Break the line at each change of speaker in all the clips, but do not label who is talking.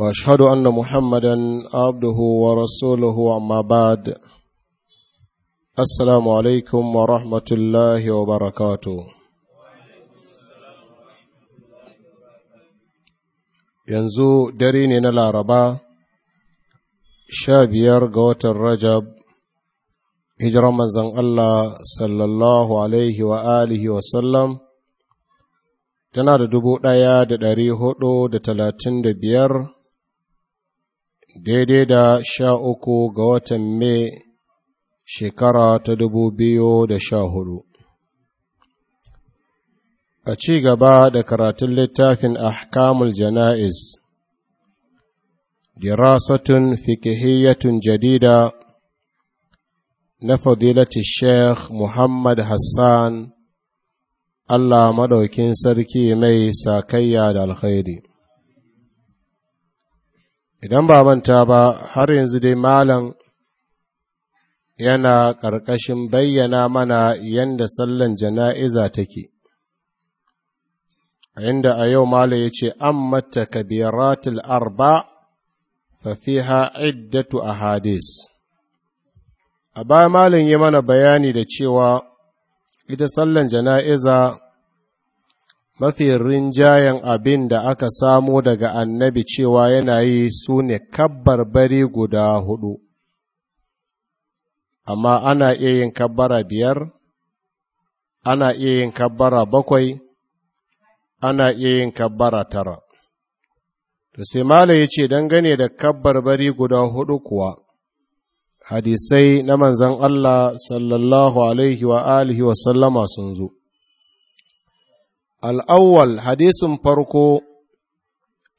واشهد ان محمدا عبده ورسوله اما بعد السلام عليكم ورحمه الله وبركاته yanzu dare ne na laraba sha biyar ga watan rajab hijiran manzan allah sallallahu alaihi wa alihi tana da dubu ɗaya da ɗari hudu da talatin da biyar daidai da sha uku ga watan Me shekara ta dubu biyu da sha hudu. A ci gaba da karatun littafin Ahkamul Jana'iz, dirasatun fikihiyyatun jadida na fadilati Sheikh Muhammad Hassan, Allah madaukin sarki mai sakayya da alkhairi. idan ba manta ba har yanzu dai malam yana ƙarƙashin bayyana mana yadda sallan jana'iza take a inda a yau malam ya ce an mata kabiratul arba fafiha iddatu a hadis a baya malam yi mana bayani da cewa ita sallan jana'iza mafi rinjayen abin da aka samo daga annabi cewa yanayi su ne kabbarbari guda hudu amma ana iya yin kabbara biyar ana iya yin kabbara bakwai ana iya yin kabbara tara to sai mala ya ce dangane da kabbarbari guda hudu kuwa hadisai na manzan Allah sallallahu alaihi wa alihi wa sallama sun zo الأول حديث فرقو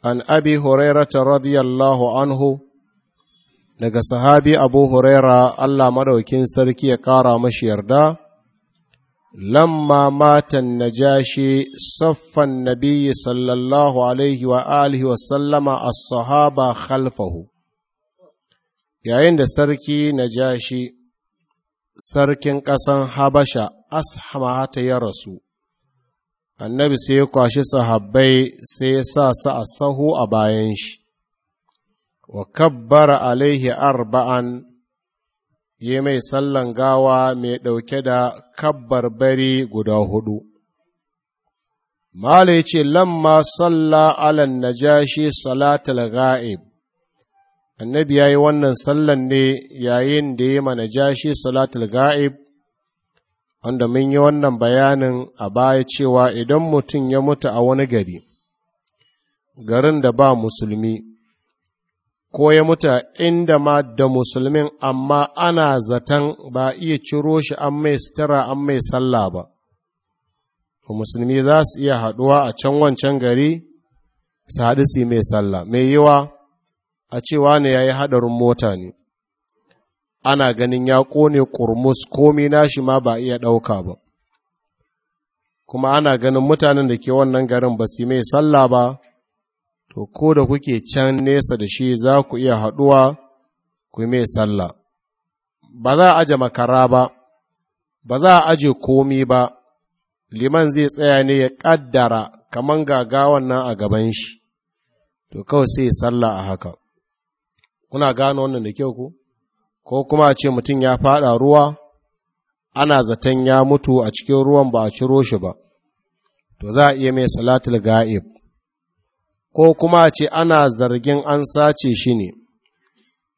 عن أبي هريرة رضي الله daga sahabi abu huraira allah maɗaukin sarki ya ƙara mashi yarda lamma matan najashi saffan nabiyyi sallallahu alaihi wa alihi wa sallama as-sahaba khalfahu yayin da sarki najashi sarkin ƙasan habasha ashama ta ya rasu annabi sai ya kwashi sahabbai sai ya sa su a sahu a bayan shi wa kabbara alaihi arba'an yi mai sallan gawa mai ɗauke da kabbar bari guda hudu Mala ya ce, Lamma salla alan najashi salatul ga'ib, annabi ya yi wannan sallan ne yayin da ya ma najashi salatul ga'ib wanda mun yi wannan bayanin a baya cewa idan mutum ya mutu a wani gari garin da ba musulmi ko ya mutu inda ma da musulmin amma ana zaton ba iya ciro shi an mai sitara an mai salla ba musulmi za su iya haɗuwa a can wancan gari su haɗu su mai salla? mai yiwa a cewa ne ya yi haɗarin mota ne ana ganin ya ƙone ƙurmus komi nashi ma ba iya ɗauka ba kuma ana ganin mutanen da ke wannan garin ba su mai sallah ba to ko da kuke can nesa da shi za ku iya haɗuwa ku mai sallah ba za a aje makara ba ba za a aje komi ba liman zai tsaya ne ya ƙaddara kaman gagawan nan a gaban shi to kawai sai sallah a haka kuna gano wannan da kyau ku ko kuma a ce mutum ya fada ruwa ana zaton ya mutu a cikin ruwan ba a ciro shi ba to za a iya mai salatul ga'ib ko kuma a ce ana zargin an sace shi ne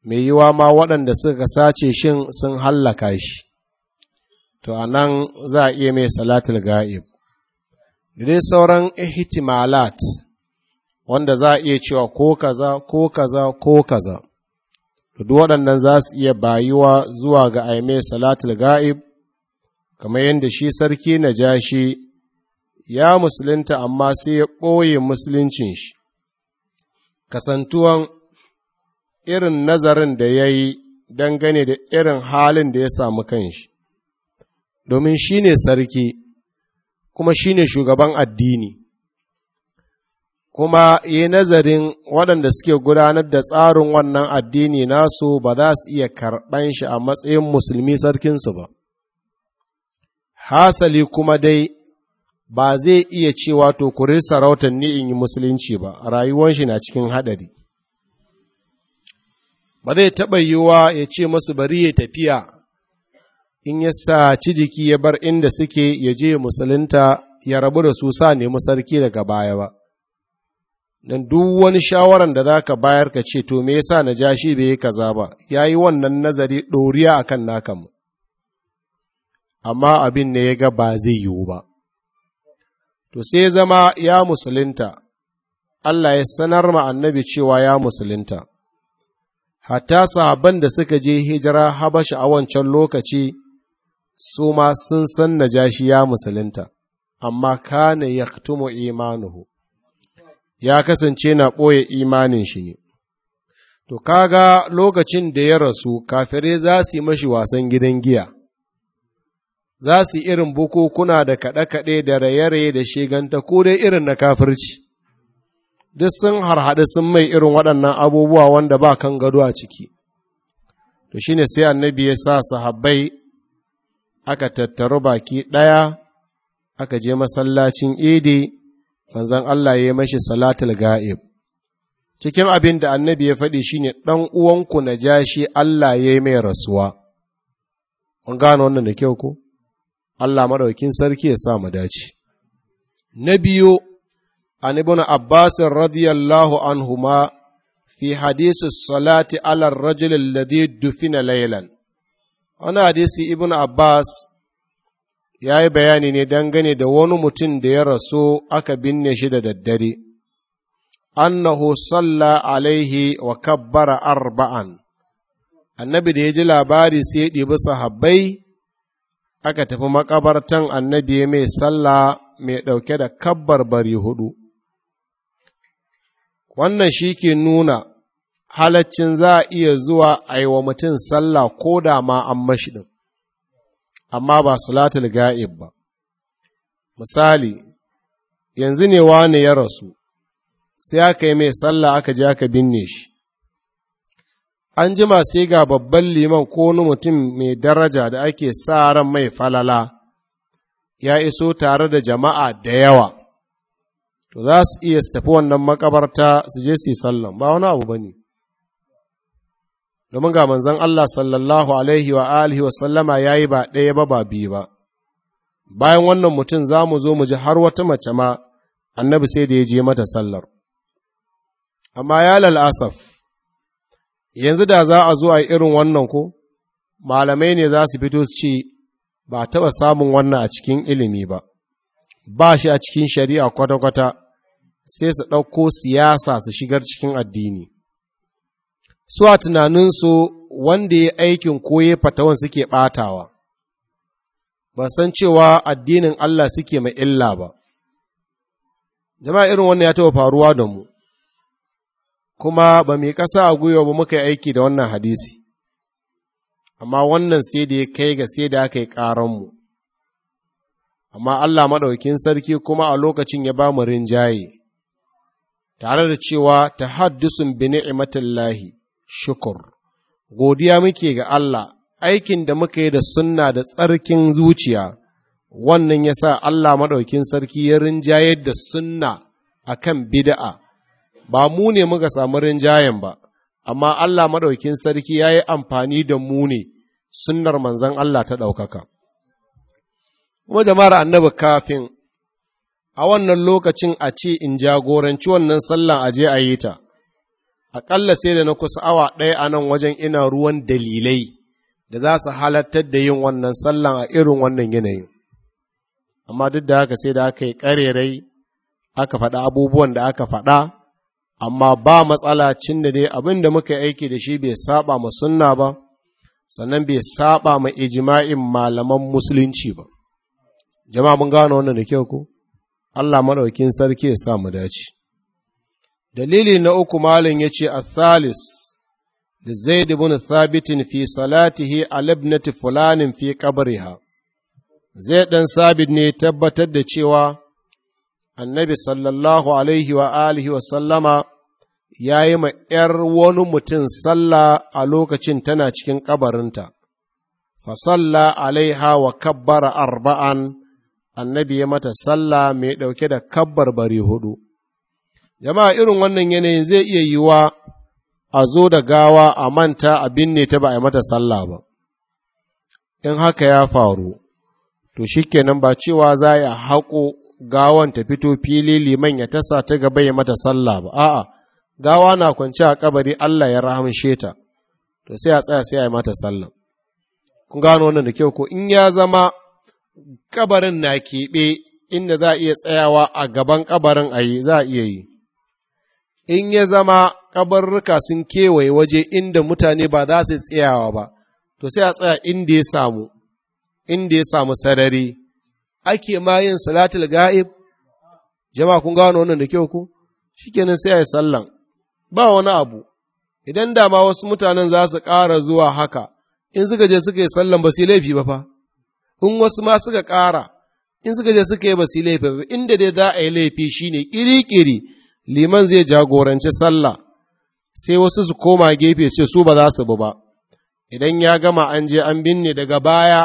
mai yiwa ma waɗanda suka sace shi sun hallaka shi to a nan za a iya mai salatul ga'ib da dai sauran ihtimalat wanda za a iya cewa ko kaza ko kaza ko kaza duk waɗannan za su iya bayuwa zuwa ga aime salatul ga'ib kamar yadda shi sarki na jashi ya musulunta amma sai ya ɓoye musuluncin shi kasantuwan irin nazarin da ya yi dangane da irin halin da ya samu kanshi domin shi ne sarki kuma shi ne shugaban addini kuma yi nazarin waɗanda suke gudanar da tsarin wannan addini nasu ba za su iya karɓan shi a matsayin musulmi sarkinsu ba. Hasali kuma dai ba zai iya cewa to kuri sarautar ni in yi musulunci ba, rayuwan shi na cikin haɗari. Ba zai taɓa yiwuwa ya ce masu bari ya tafiya in ya sa jiki ya bar inda suke ya je musulunta ya rabu da su sa nemi sarki daga baya ba. don duk wani shawaran da zaka bayar ka ce to me yasa na jashi bai yi kaza ba ya yi wannan nazari ɗoriya a kan naka mu amma abin ne ya ga ba zai yiwu ba to sai zama ya musulunta Allah ya sanar ma annabi cewa ya musulunta hatta sahabban da suka je hijira habasha a wancan lokaci su ma sun san najashi ya musulunta amma kana yaktumu imanuhu ya kasance na ɓoye imanin shi ne. To, kaga lokacin da ya rasu, kafirai za su yi mashi wasan gidan giya, za su yi irin bukukuna da kaɗe-kaɗe da raye-raye da shiganta ko dai irin na kafirci, duk sun harhaɗu sun mai irin waɗannan abubuwa wanda ba kan gado a ciki. To, shi ne sai annabi ya sa sahabbai aka tattaru baki ɗaya, aka je masallacin idi. manzan Allah ya yi mashi salatul ga'ib cikin abin da annabi ya faɗi shine ɗan uwanku na jashi Allah ya yi mai rasuwa An gano wannan da kyau ko Allah maraukin sarki ya sa mu dace na biyu an ibn Abbas radiyallahu huma fi hadisi salati ala rajul alladhi dufina laylan wani hadisi ibn Abbas ya yi bayani ne dangane da wani mutum da ya rasu aka binne shi da daddare, annahu salla alaihi wa kabbara arba'an, annabi da ya ji labari sai ya ɗibi sahabbai aka tafi makabartan annabi ya mai salla mai ɗauke da kabbar bari hudu. Wannan shi ke nuna halaccin za a iya zuwa a yi wa mutum sallah ko da ma an mashi ɗin. amma ba salatul ga'ib ba misali yanzu ne wani ya rasu sai aka yi mai sallah aka je aka binne shi an jima sai ga babban liman ko wani mutum mai daraja da ake sa ran mai falala ya iso tare da jama'a da yawa to za su iya su tafi wannan makabarta su je su yi sallan ba wani abu ba domin ga manzon Allah sallallahu alaihi wa alihi wa sallama yayi ba ɗaya ba ba biyu ba bayan wannan mutum za mu zo mu ji har wata mace ma annabi sai da ya je mata sallar amma ya lalasaf yanzu da za a zo a irin wannan ko malamai ne za su fito su ce ba a taɓa samun wannan a cikin ilimi ba ba shi a cikin shari'a kwata-kwata sai su ɗauko siyasa su shigar cikin addini su a tunaninsu wanda ya aikin koye fatawan suke batawa. ba san cewa addinin Allah suke mai illa ba. Jama'a irin wannan ya taɓa faruwa da mu, kuma ba mai ƙasa a gwiwa ba muka yi aiki da wannan hadisi, amma wannan sai da ya kai ga sai da aka yi ƙaranmu. Amma Allah maɗaukin sarki kuma a lokacin ya ba mu rinjaye, tare da cewa ta haddusun bi lahi, shukur, godiya muke ga Allah, aikin da muka yi da sunna da tsarkin zuciya, wannan ya sa Allah maɗaukin sarki ya rinjayar da sunna a kan bida'a, ba mu ne muka samu rinjayen ba, amma Allah maɗaukin sarki ya yi amfani da mu ne, sunnar manzan Allah ta ɗaukaka. Kuma jama'ar annabi kafin a wannan lokacin a ce in jagoranci wannan sallan a je a yi ta, aƙalla sai da na kusa awa ɗaya a nan wajen ina ruwan dalilai da za su halartar da yin wannan sallan a irin wannan yanayin amma duk da haka sai da aka yi ƙarerai aka faɗa abubuwan da aka faɗa amma ba matsala cin da dai abin da muka aiki da shi bai saba ma sunna ba sannan bai saba ma ijima'in malaman musulunci ba jama'a mun gano wannan da kyau ko Allah maɗaukin sarki ya sa mu dace dalili na uku malin ya ce a thalis da zaid ibn thabitin fi salatihi alabnati fulanin fi ha, zai ɗan sabit ne tabbatar da cewa annabi sallallahu alaihi wa alihi wa sallama ya yi ma ’yar wani mutum sallah a lokacin tana cikin kabarinta, ƙabarinta, fasalla alaiha wa kabbara arba'an annabi ya mata sallah mai ɗauke da kabbar bari hudu, jama'a irin wannan yanayin zai iya yiwa a zo da gawa a manta a binne ta ba a mata sallah ba in haka ya faru to kenan ba cewa za ya haƙo gawan ta fito fili liman ya tasa ta gaba ya mata sallah ba a'a gawa na kwance a kabari Allah ya rahamshe ta to sai a tsaya sai a yi mata sallah kun gano wannan da kyau ko in ya zama kabarin na keɓe inda za a iya tsayawa a gaban kabarin a za a iya yi in ya zama kabarruka sun kewaye waje inda mutane ba za su tsayawa ba, to sai a tsaya inda ya samu, inda ya samu sarari, ake ma yin salatul ga'ib, jama'a kun gano wannan da kyau ku, shikenan sai a yi sallan, ba wani abu, idan dama wasu mutanen za su ƙara zuwa haka, in suka je suka yi sallan ba su laifi ba fa, in wasu ma suka ƙara, in suka je suka yi ba su laifi ba, inda dai za a yi laifi shine ƙiri-ƙiri. liman zai jagoranci sallah sai wasu su koma gefe ce su ba za su bi ba idan ya gama an je an binne daga baya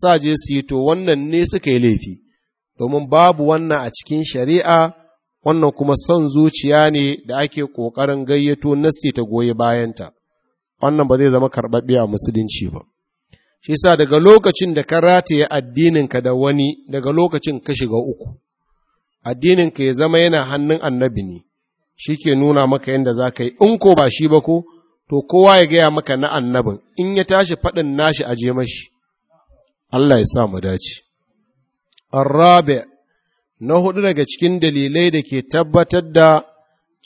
sa je su yi to wannan ne suka yi laifi domin babu wannan a cikin shari'a wannan kuma son zuciya ne da ake ƙoƙarin gayyato nassi ta goyi bayanta wannan ba zai zama karɓaɓɓe a musulunci ba shi sa daga lokacin da ka rataye addininka da wani daga lokacin ka shiga uku addinin ka ya zama yana hannun annabi ne shi ke nuna maka yadda za ka yi in ko ba shi ba ko to kowa ya gaya maka na annabin in ya tashi faɗin nashi aje mashi Allah ya sa mu dace arabe na hudu daga cikin dalilai da ke tabbatar da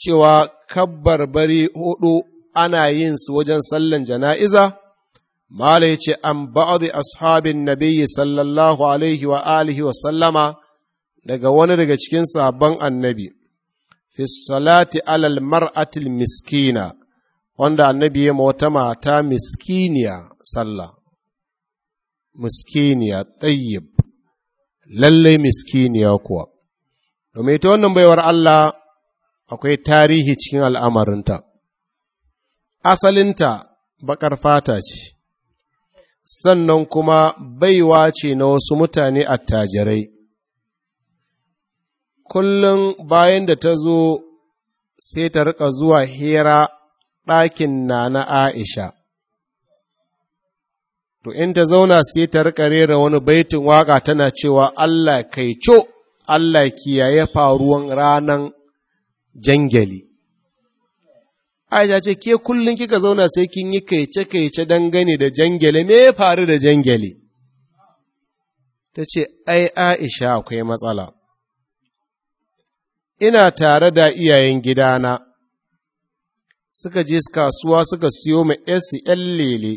cewa kabbar bari hudu ana yin su wajen sallan jana'iza mala ya ce an ba'adu ashabin nabiyyi sallallahu alaihi wa alihi wa sallama daga wani daga cikin sabon annabi fi salati alal mar'atil miskina wanda annabi ya ma wata mata miskiniya sallah miskiniya tsayyib lallai miskiniya kuwa domin ita wannan baiwar Allah akwai tarihi cikin al'amarinta asalinta bakar fata ce sannan kuma baiwa ce na wasu mutane attajirai kullum bayan da ta zo sai ta rika zuwa hira ɗakin na na Aisha. To, in ta zauna sai ta rika rera wani baitin waƙa tana cewa Allah kai co, Allah kiyaye faruwan ranan jangali. Aisha ce, ke kullum kika zauna sai kin yi kaice-kaice dangane da jangali me ya faru da jangali? Ta ce, ai, Aisha akwai matsala. ina tare da iyayen gidana, suka je kasuwa suka siyo ma ‘yarsu ‘yan lele,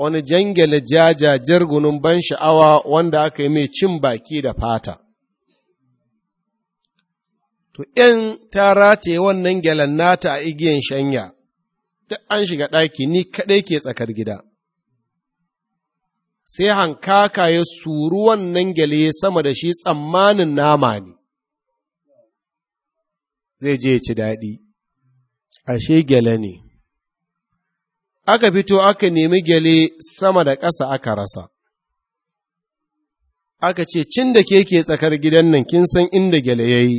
wani jangale jaja jirgunin ban sha'awa wanda aka yi mai cin baki da fata. To, ‘yan ta rataye wannan gyalen nata a igiyan shanya, duk an shiga ɗaki ni kaɗai ke tsakar gida. Sai hankaka ya suru wannan gyale sama da shi tsammanin nama ne. zai je ci daɗi, ashe gyale ne. Aka fito aka nemi gyale sama da ƙasa aka rasa, aka ce, Cin da keke tsakar gidan nan kin san inda gyale ya yi,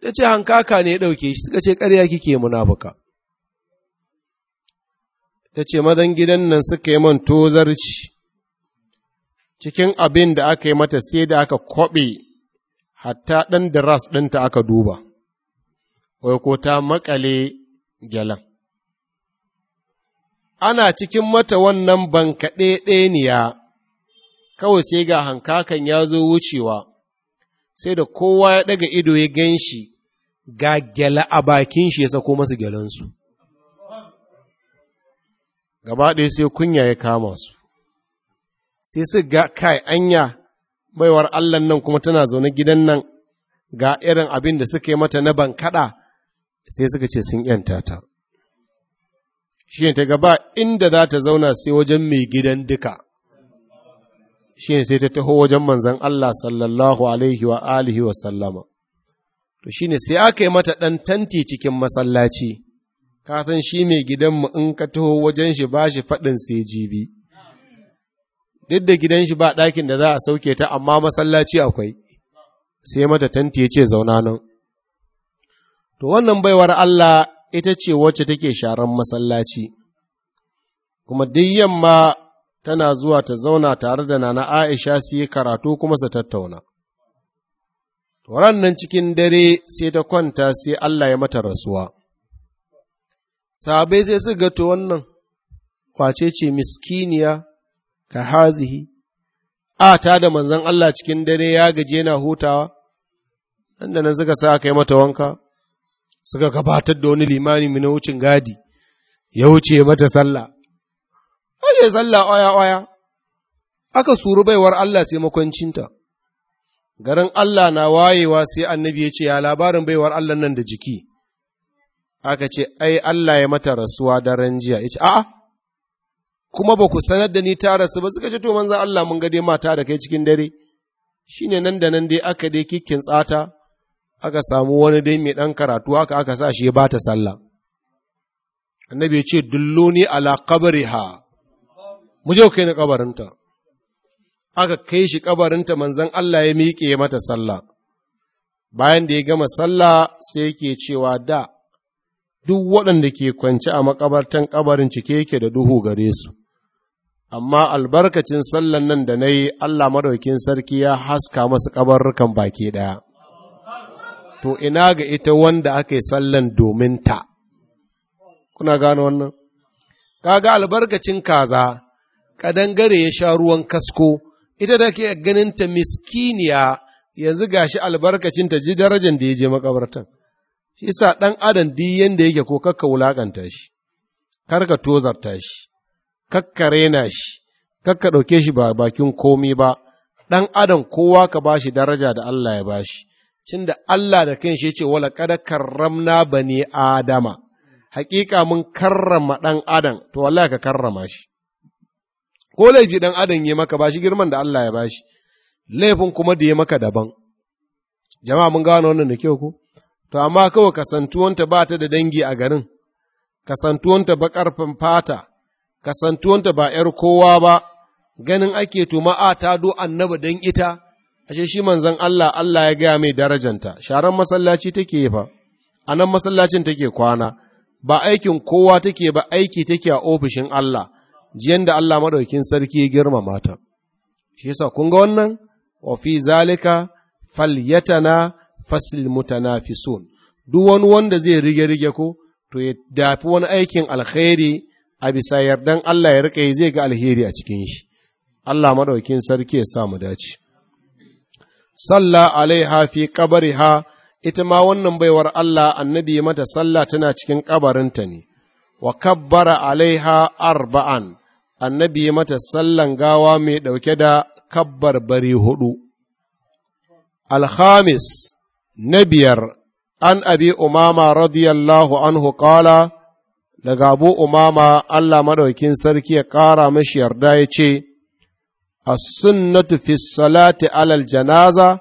ta ce hankaka ne ɗauke shi suka ce ƙarya kike munafuka. Ta ce, Madan gidan nan suka yi man tozarci. cikin abin da aka yi mata sai da aka kwaɓe hatta ɗan da ras ɗinta aka duba. wai ko ta makale gyalan. Ana cikin mata wannan bankaɗe ɗeniya, kawai sai ga hankakan ya zo wucewa, sai da kowa ya ɗaga ido ya gan shi, ga gyala a bakin shi ya sako masu gyalansu. Gaba ɗaya sai kunya ya kama su, sai su ga kai anya baiwar allah nan kuma tana zaune gidan nan ga irin abin da suka yi mata na bankaɗa. sai suka ce sun ‘yanta ta. Shi ne ta gaba inda za ta zauna sai wajen mai gidan duka, shi ne sai ta taho wajen manzan Allah sallallahu Alaihi wa alihi wa sallama. To shi ne sai aka yi mata ɗan tanti cikin masallaci, ka san shi mai gidanmu in ka taho wajen shi ba shi faɗin sai jibi. Duk da gidan shi ba ɗakin da za a sauke ta amma masallaci akwai, sai mata tanti ya ce zauna nan. to wannan baiwar Allah ita ce wacce take sharan masallaci, kuma duk yamma tana zuwa ta zauna tare da nana Aisha su yi karatu kuma su tattauna. Rannan cikin dare sai ta kwanta sai Allah ya mata rasuwa. sabai sai su gato wannan, kwace ce miskiniya ka hazihi, a ta da manzan Allah cikin dare ya gaje na hutawa, inda nan suka sa aka yi mata wanka, suka gabatar da wani limani na wucin gadi ya wuce mata sallah Aje sallah oya oya aka suru baiwar Allah sai makwancinta garin Allah na wayewa sai annabi ya ce ya labarin baiwar Allah nan da jiki aka ce ai Allah ya mata rasuwa daren jiya ya ce a'a kuma ba ku sanar da ni ta rasu ba suka ce to manzan Allah mun gade mata da kai cikin dare Shi ne nan da nan dai aka dai kikkin tsata aka samu wani dai mai ɗan karatu haka aka sa shi ya ba ta sallah annabi ya ce dulluni ala ha? mu je kai ni kabarinta aka kai shi kabarinta manzon Allah ya miƙe mata sallah bayan da ya gama sallah sai yake cewa da duk waɗanda ke kwance a makabartan ƙabarin cike yake da duhu gare su amma albarkacin sallan nan da na yi Allah madaukin sarki ya haska masu kabarrukan baki ɗaya to ina ga ita wanda aka yi sallan domin ta. Kuna gano wannan? Kaga albarkacin kaza, kadangare ya sha ruwan kasko, ita da ke ganinta miskiniya yanzu gashi albarkacin ta ji darajar da ya je makabartan. Shi sa ɗan adam di yanda yake ko kakka wulaƙanta shi, karka tozarta shi, kakka rena shi, kakka ɗauke shi ba bakin komi ba, ɗan adam kowa ka ba shi daraja da Allah ya ba shi. cin da Allah da kanshi shi ce wala kada karramna bani adama hakika mun karrama dan adam to wallahi ka karrama shi ko laifi dan adam ya maka bashi girman da Allah ya bashi laifin kuma da ya maka daban jama'a mun gano wannan da kyau ko to amma kawai kasantuwanta ba ta da dangi a garin kasantuwanta ba karfin fata kasantuwanta ba ‘yar kowa ba, ganin ake to ma'a ta do annaba don ita, ashe shi manzon Allah Allah ya gaya mai darajanta sharan masallaci take fa a nan masallacin take kwana ba aikin kowa take ba aiki take a ofishin Allah jiyan da Allah madaukin sarki ya girmama ta shi sa kun ga wannan wa fi zalika falyatana fasil mutanafisun duk wani wanda zai rige rige ko to ya dafi wani aikin alkhairi a bisa yardan Allah ya rika yi zai ga alheri a cikin shi Allah madaukin sarki ya sa mu dace salla alaiha fi kabariha ita ma wannan baiwar Allah annabi mata sallah tana cikin kabarinta ne wa kabbara alaiha arba'an annabi mata sallan gawa mai ɗauke da kabbar bari hudu alhamis na biyar an abi umama radiyallahu anhu kala daga abu umama Allah maɗaukin sarki ya ƙara mashi yarda ya ce, as-sunnatu fi salati alal janaza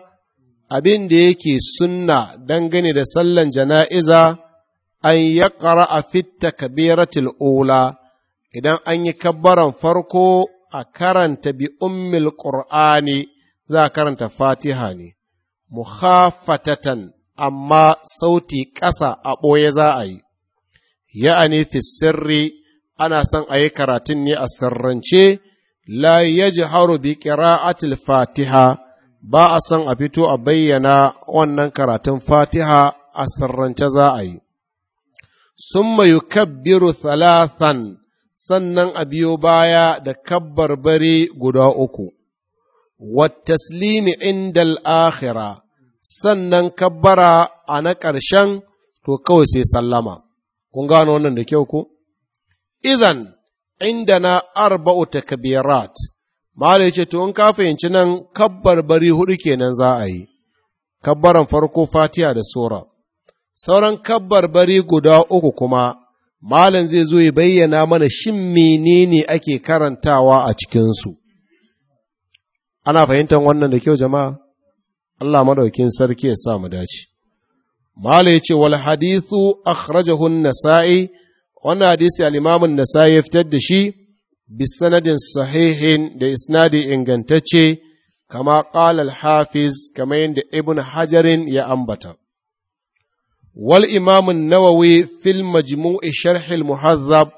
abin da yake sunna dangane da sallan jana'iza an ya a fitta kabiratul ula idan an yi kabbaran farko a karanta bi ummil qur'ani za a karanta fatiha ne muhafatatan amma sauti ƙasa a ɓoye za a yi ya'ani fi sirri ana son a yi karatun ne a sirrance la yajharu bi qira'atil fatiha ba a san a fito a bayyana wannan karatun fatiha a sirrance za a yi summa yukabbiru thalathan sannan a biyo baya da bari guda uku wattaslimi inda akhira sannan kabbara a na ƙarshen to kawai sai sallama kun gano wannan da kyau ku idan indana arba'u takbirat mala yace to in ka fahimci nan kabbar bari hudu kenan za a yi kabbaran farko fatiha da sura sauran kabbar bari guda uku kuma malam zai zo ya bayyana mana shin menene ake karantawa a cikin su ana fahimtar wannan da kyau jama'a Allah madaukin sarki ya sa mu dace mala yace wal hadithu akhrajahu an-nasa'i wannan hadisi al'imamun nasa ya fitar da shi sanadin sahihin da isnadi ingantacce kama ƙalal hafiz kama yadda ibn hajarin ya ambata wal imamun nawawi fil majmu'i sharhil muhazzab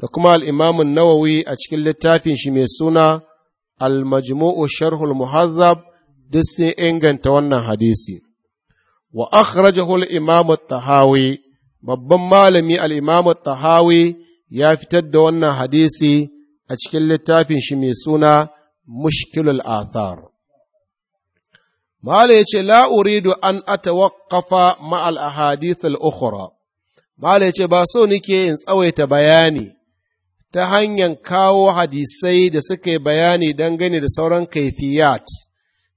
da kuma al'imamin nawawi a cikin littafin shi mai suna al-majmu'u sharhul muhazzab duk sun inganta wannan hadisi wa akhrajahu al-imamu tahawi babban malami al'imamu tahawi ya fitar da wannan hadisi a cikin littafin shi mai suna mushkilul athar Mala ya ce, La uridu an atawakkafa ma'al ahadith al'ukhura, Mala ya ce, ba so nike in tsawaita bayani ta hanyar kawo hadisai da suka yi bayani dangane da sauran kaifiyat,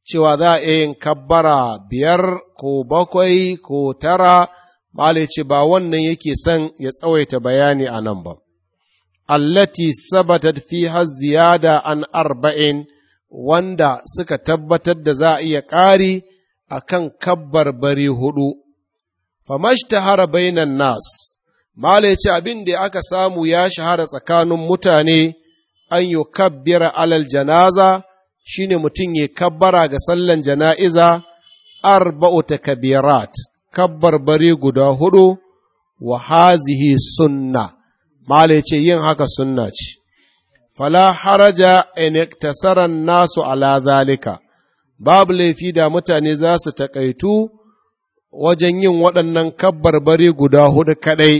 cewa za a yin kabbara biyar ko bakwai ko tara Mala ce ba wannan yake son ya tsawaita bayani a nan ba. Allati sabatat fi ziyada an arba'in wanda suka tabbatar da za a iya ƙari a kan kabbar bari hudu. Famashta bainan nas, Mala ce abin da aka samu ya shahara tsakanin mutane an yi kabbira alal janaza shine mutum ya kabbara ga sallan jana'iza arba'u Kabirat. kabbarbari guda hudu wa hazihi sunna mala ce yin haka sunna ce fala haraja in iktasaran nasu ala zalika babu laifi da mutane za su taƙaitu wajen yin waɗannan kabbarbari guda hudu kaɗai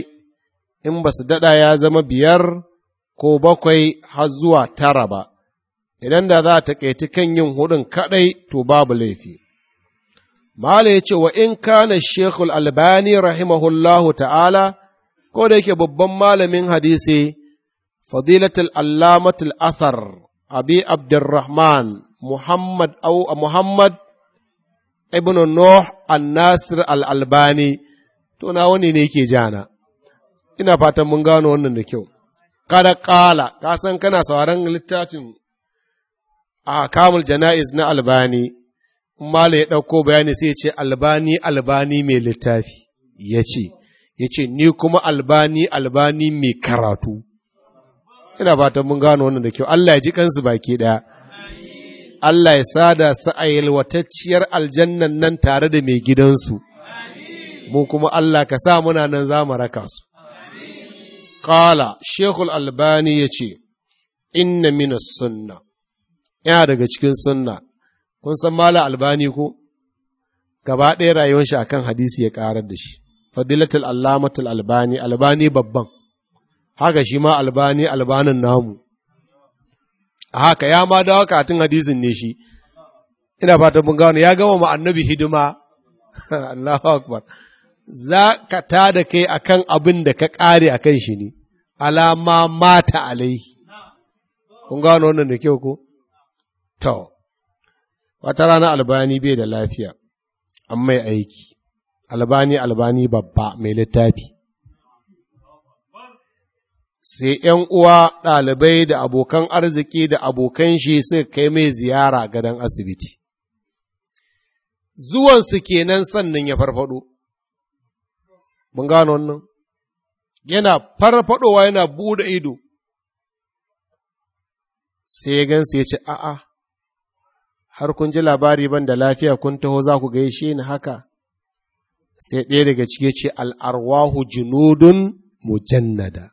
in ba su daɗa ya zama biyar ko bakwai har zuwa tara ba, idan da za a taƙaiti kan yin hudun kaɗai to babu laifi. Mala ya ce wa in kana Shekul Albani rahimahullahu ta'ala, ko da yake babban malamin hadisi, fadilatul allamatul athar abi abdurrahman Muhammad Muhammad ibn Nuh al-Nasir al-Albani, to na wani ne ke jana, ina fatan mun gano wannan da kyau. Kada ƙala, ka san kana sauran littafin a kamul jana'iz na Albani. mala ya ɗauko bayani sai ya ce albani albani mai littafi ya ce ya ce ni kuma albani albani mai karatu ina fatan mun gano wannan da kyau Allah ya ji kansu baki ɗaya Allah ya sada su a yalwatacciyar aljannan nan tare da mai gidansu mu kuma Allah ka sa muna nan za mu raka su Kala, Shekul Albani ya ce, Inna mina sunna, yana daga cikin sunna, kun san mala albani ko gaba ɗaya rayuwar shi akan hadisi ya ƙarar da shi fadilatul allamatul albani albani babban haka shi ma albani albanin namu haka ya ma dawo katin hadisin ne shi ina fatan mun gano ya gama ma annabi hidima Allahu akbar za ka ta da kai akan abin da ka ƙare akan shi ne alama mata alai kun gano wannan da kyau ko to wata rana albani bai da lafiya an mai aiki albani albani babba mai littafi sai ‘yan uwa ɗalibai da abokan arziki da abokan shi suka kai mai ziyara gadon asibiti zuwansu kenan sannan ya farfado mun gano wannan yana farfadowa yana buɗe ido sai ya gansu ya ce a'a har kun ji labari ban da lafiya kun taho za ku gaishe ni haka sai ɗaya daga cike ce al'arwahu junudun mujannada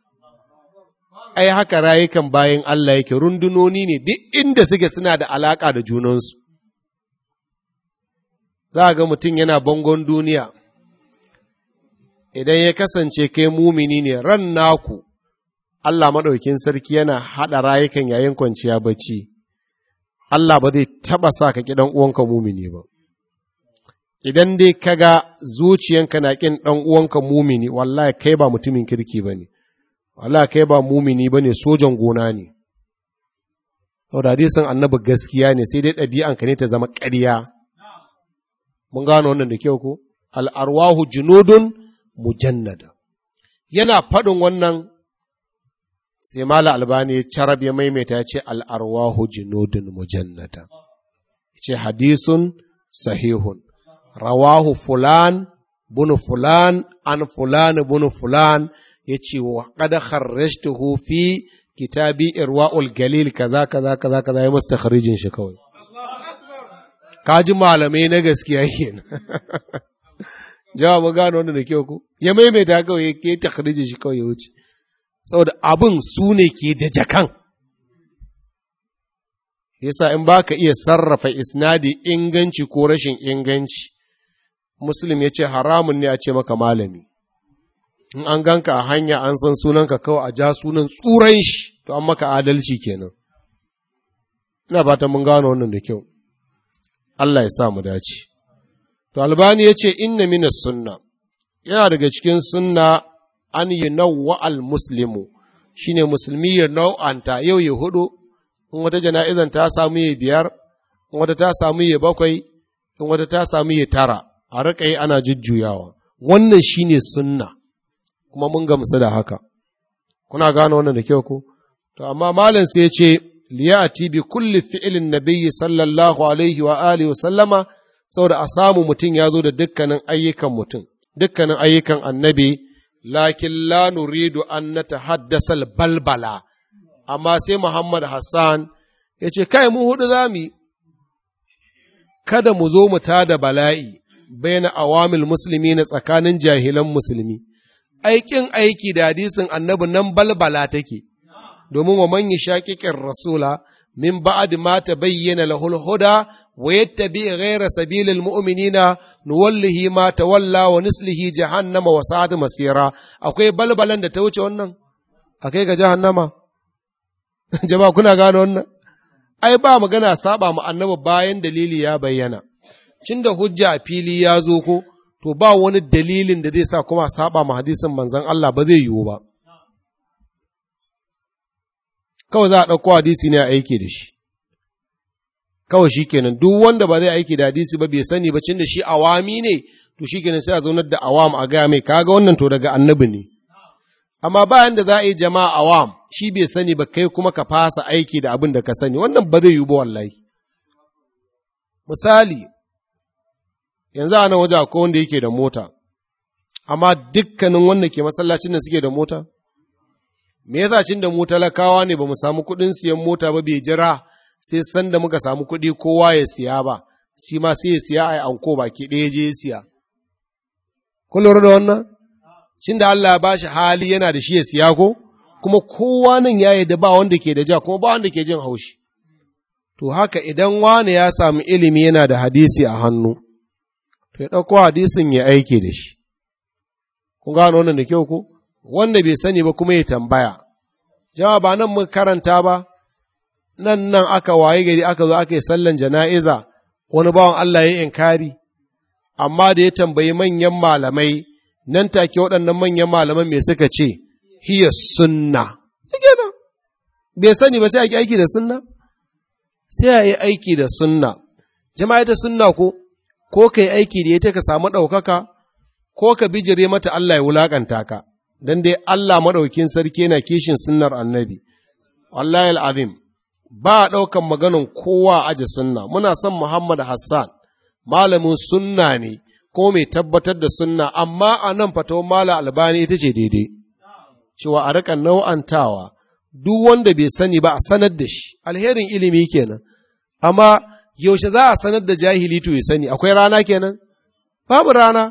ai haka rayukan bayan Allah yake rundunoni ne duk inda suke suna da alaƙa da junansu za ga mutum yana bangon duniya idan ya kasance kai mumini ne ran naku Allah maɗaukin sarki yana haɗa rayukan yayin kwanciya bacci Allah ba zai taɓa sa ka ƙi ɗan uwanka mumini ba. Idan dai ka ga zuciyanka na ƙin ɗan uwanka mumini, wallahi kai ba mutumin kirki ba ne, wallahi kai ba mumini ba sojan gona ne. Saboda hadisin annabi gaskiya ne sai dai ka ne ta zama ƙarya. Mun gano wannan da kyau ko? Al'arwahu junudun mujannada. Yana faɗin wannan sai mala albani ya carab ya maimaita ya ce al'arwahu jinodin mujannata ce hadisun sahihun rawahu fulan bunu fulan an fulan bunu fulan ya ce wa kada kharrashtuhu fi kitabi irwa'ul galil kaza kaza kaza kaza ya musta kharijin shi kawai kaji malamai na gaskiya kenan jawabin gano wanda da kyau ku ya maimaita kawai ya ke takharijin shi kawai ya wuce saboda abin su ne ke da jakan yasa in ba ka iya sarrafa isnadi inganci ko rashin inganci muslim ya ce haramun ne a ce maka malami in an ganka a hanya an san sunanka kawai a ja sunan tsuran shi to an maka adalci kenan ina fatan mun gano wannan da kyau Allah ya sa mu dace to albani ya ce inna mina sunna yana daga cikin sunna an yi nawwa al-muslimu ne musulmi ya nau'anta yau ya hudu in wata jana'izan ta samu ya biyar in wata ta samu ya bakwai in wata ta samu ya tara a riƙa yi ana jujjuyawa wannan shi ne sunna kuma mun gamsu da haka kuna gano wannan da kyau ko to amma malam sai ya ce liyati bi kulli fi'lin nabiyyi sallallahu alaihi wa alihi wa sallama saboda a samu mutum ya zo da dukkanin ayyukan mutum dukkanin ayyukan annabi lakin la nuridu an na haddasa balbala, amma sai Muhammad Hassan ya ce, Kai, mu hudu za mu kada mu zo mu ta da bala'i bai na awamil musulmi na tsakanin jahilan musulmi, aikin aiki da hadisin annabi nan balbala take, domin wa manyan shaƙiƙin rasula min ba'ad ta bayyana lahul huda wa yattabi ghayra sabilil mu'minina nuwallihi ma tawalla wa nuslihi jahannama wa sa'ad masira akwai balbalan da ta wuce wannan akai ga jahannama jama'a kuna gano wannan ai ba magana saba mu annabi bayan dalili ya bayyana cin da hujja a fili ya zo ko to ba wani dalilin da zai sa kuma saba ma hadisin manzon Allah ba zai yiwu ba kawai za a ɗauko hadisi ne a aiki da shi kawai shikenan duk wanda ba zai aiki da hadisi ba bai sani ba cin da shi awami ne to shikenan sai a zaunar da awam a gaya mai kaga wannan to daga annabi ne amma bayan da za a yi jama'a awam shi bai sani ba kai kuma ka fasa aiki da abin da ka sani wannan ba zai yi ba wallahi misali yanzu a nan waje akwai wanda yake da mota amma dukkanin wanda ke masallacin da suke da mota me yasa cin da mu talakawa ne ba mu samu kuɗin siyan mota ba bai jira sai sanda muka samu kuɗi kowa ya siya ba shi ma sai ya siya a yi anko baki ɗaya je ya siya kun lura da wannan shin da Allah ya bashi hali yana da shi ya siya ko kuma kowa nan ya yi da ba wanda ke da ja kuma ba wanda ke jin haushi to haka idan wani ya samu ilimi yana da hadisi a hannu to ya ɗauko hadisin ya aiki da shi kun gano wannan da kyau ko wanda bai sani ba kuma ya tambaya jama ba nan muka karanta ba nan nan aka waye gari aka zo aka yi sallan jana'iza wani bawan Allah ya yi inkari amma da ya tambayi manyan malamai nan take waɗannan manyan malaman me suka ce hiya sunna kenan bai sani ba sai ake aiki da sunna sai a yi aiki da sunna jama'a ta sunna ko ko ka yi aiki da ita ka samu ɗaukaka ko ka bijire mata Allah ya wulaƙanta ka don dai Allah maɗaukin sarki yana kishin sunnar annabi wallahi al'azim ba a ɗaukan maganan kowa a aji sunna muna son Muhammad Hassan malamin sunna ne ko mai tabbatar da sunna amma a nan fatawar mala albani ita ce daidai cewa a rika nau'antawa duk wanda bai sani ba a sanar da shi alherin ilimi kenan amma yaushe za a sanar da jahili to ya sani akwai rana kenan babu rana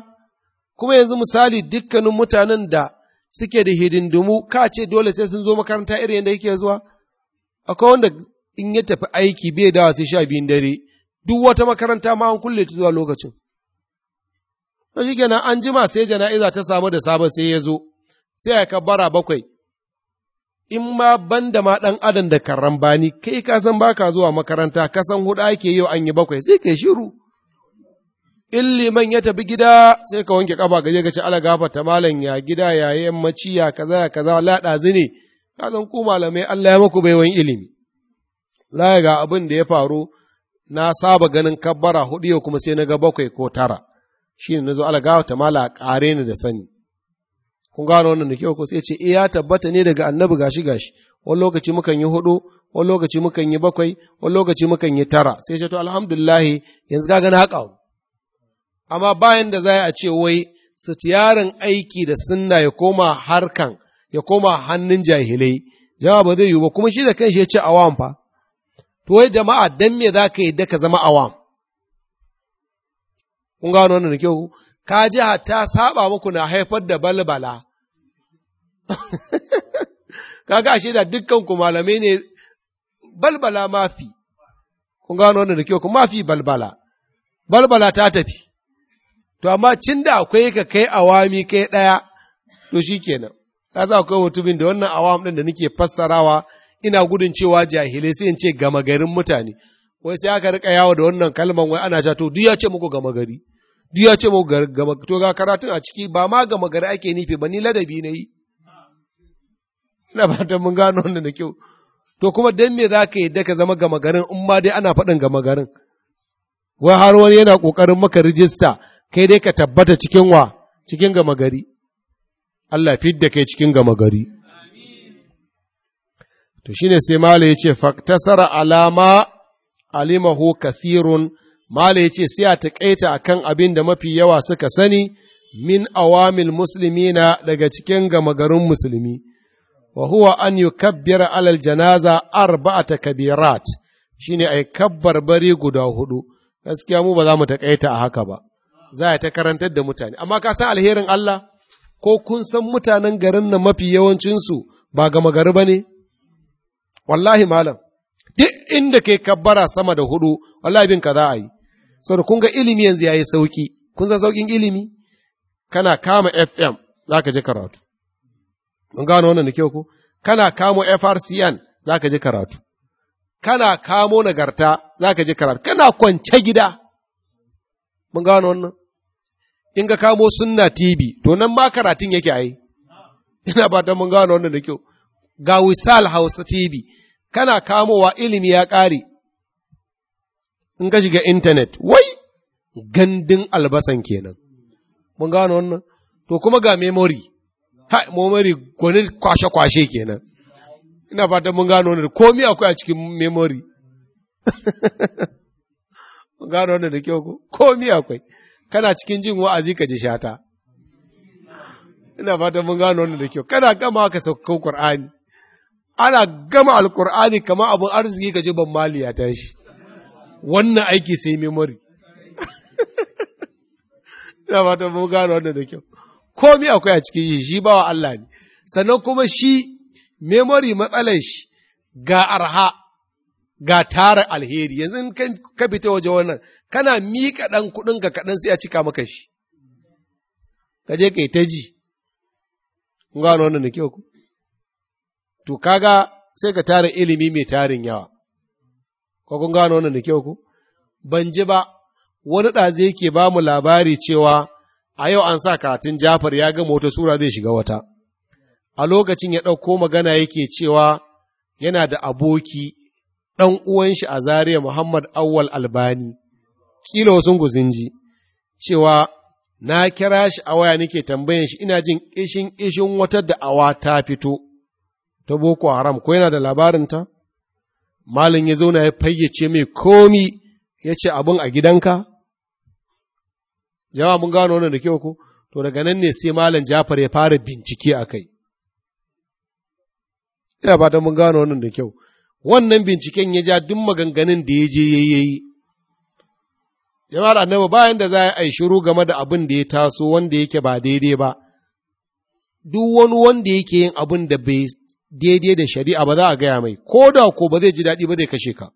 kuma yanzu misali dukkanin mutanen da suke da hidindimu ka ce dole sai sun zo makaranta irin yadda yake zuwa akwai wanda in ya tafi aiki bai dawa sai sha biyun dare duk wata makaranta ma an kulle ta zuwa lokacin to shi kenan an jima sai jana'iza ta samu da sabon sai ya zo sai ya bara bakwai in ma ban da ma ɗan adam da karan bani kai ka san baka zuwa makaranta ka san huɗu ake yau an yi bakwai sai kai shiru in liman ya tafi gida sai ka wanke kafa gaje ka ce ala ta malam ya gida ya yammaci ya kaza ya kaza la ɗazi ne kazan zan ku malamai Allah ya maku baiwan ilimi za ga abin da ya faru na saba ganin kabbara hudu yau kuma sai na ga bakwai ko tara shi ne na zo alagawa ta mala ƙare ni da sani kun gano wannan da kyau ko sai ce eh ya tabbata ne daga annabi gashi gashi wani lokaci mukan yi hudu wani lokaci mukan yi bakwai wani lokaci mukan yi tara sai ce to alhamdulillahi yanzu ka na haka amma bayan da za a ce wai su tiyarin aiki da sunna ya koma harkan ya koma hannun jahilai jama'a ba zai yiwu ba kuma shi da kanshi ya ci awam fa to wai jama'a dan me za ka da ka zama awam kun gano wannan da kyau ka ji ta saba muku na haifar da balbala kaga ashe da dukkan ku malamai ne balbala mafi kun gano wannan da kyau ku mafi balbala balbala ta tafi to amma cin da akwai ka kai awami kai ɗaya to shi kenan ka za akwai mutumin da wannan awam ɗin da nake fassarawa ina gudun cewa jahilai sai in ce gama garin mutane wai sai aka rika yawo da wannan kalman wai ana cewa to duk ya ce muku gama gari duk ya ce muku gama to ga karatun a ciki ba ma gama gari ake nufi ba ni ladabi na yi ina fatan mun gano wannan da kyau to kuma dan me za ka yadda ka zama gama garin in ma dai ana faɗin gama garin wai har wani yana kokarin maka rijista kai dai ka tabbata cikin wa cikin gama gari Allah fidda kai cikin gama gari. To shi ne sai Mala ya ce, Faktasara alama alimahu kathirun, Mala ya ce, sai a taƙaita a kan abin da mafi yawa suka sani min awamil musulmi na daga cikin gama garin musulmi, wa huwa an yi kabbira alal janaza arba'ata kabirat, shi ne a bari guda hudu, gaskiya mu ba za mu taƙaita a haka ba, za a ta karantar da mutane, amma ka san alherin Allah? ko kun san mutanen garin nan mafi yawancinsu ba gama gari ba ne? Wallahi malam, duk inda ke kabbara sama da hudu, wallahi bin ka za a yi, saboda kun ga ilimi yanzu ya yi sauki, kun san saukin ilimi? Kana kama FM za ka je karatu. Mun gano wannan da kyau ko? Kana kamo FRCN za ka je karatu. Kana kamo nagarta za ka je karatu. Kana kwance gida. Mun gano wannan? in ka kamo sunna TV, to nan ma karatun yake ai. Ina ba ta mun gano wannan da kyau. Ga wisal Hausa TV, kana kamowa ilimi ya ƙare. In ka shiga intanet, wai gandun albasan kenan. Mun gano wannan? To kuma ga memory, ha, memory gwanin kwashe-kwashe kenan. Ina ta mun gano wannan, komi akwai a cikin memory. Mun gano wannan da kyau ko? Komi akwai. kana cikin jin wa'azi ka ji shata ina fatan mun gano wannan da kyau kana gama ka sauka Kur'ani? ana gama alkur'ani kama abin arziki ka ji ban mali ya tashi wannan aiki sai memori. ina fatan mun gano wannan da kyau komi akwai a cikin shi ba wa Allah ne sannan kuma shi memori matsalar shi ga arha ga tara alheri yanzu in ka fita waje wannan kana miƙa ɗan kuɗin ka kaɗan sai a cika maka shi ka je ka yi ta ji kun gano wannan da kyau ku to kaga sai ka tara ilimi mai tarin yawa ko kun gano wannan da kyau ku ban ji ba wani ɗazi yake ba mu labari cewa a yau an sa katin jafar ya gama wata sura zai shiga wata a lokacin ya ɗauko magana yake cewa yana da aboki ɗan uwan shi a zariya Muhammad Awwal Albani kila wasu guzin ji, cewa na kira shi a waya nake tambayan shi ina jin ƙishin ƙishin wata da'awa ta fito ta Boko Haram ko yana da labarinta? Malin ya zauna ya fayyace mai komi ya ce abin a gidanka? Jama mun gano wannan da kyau ko? To daga nan ne sai Malam Jafar ya fara bincike a kai. Ina ba mun gano wannan da kyau. Wannan binciken ya ja duk maganganun da ya je ya yi jama'ar annabi bayan da za a yi shiru game da abin da ya taso wanda yake ba daidai ba duk wani wanda yake yin abin da bai daidai da shari'a ba za a gaya mai ko da ko ba zai ji daɗi ba zai kashe ka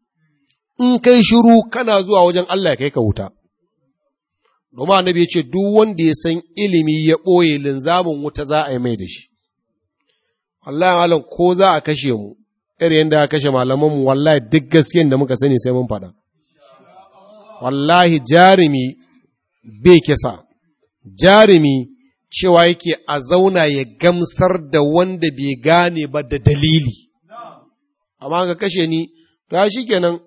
in kai shiru kana zuwa wajen Allah ya kai ka wuta domin annabi ya ce duk wanda ya san ilimi ya ɓoye linzamin wuta za a yi mai da shi wallahi malam ko za a kashe mu irin yadda aka kashe malaman mu wallahi duk gaskiyan da muka sani sai mun faɗa wallahi jarumi bai kisa jarumi cewa yake a zauna ya gamsar da wanda bai gane ba da dalili amma ka kashe ni to shi kenan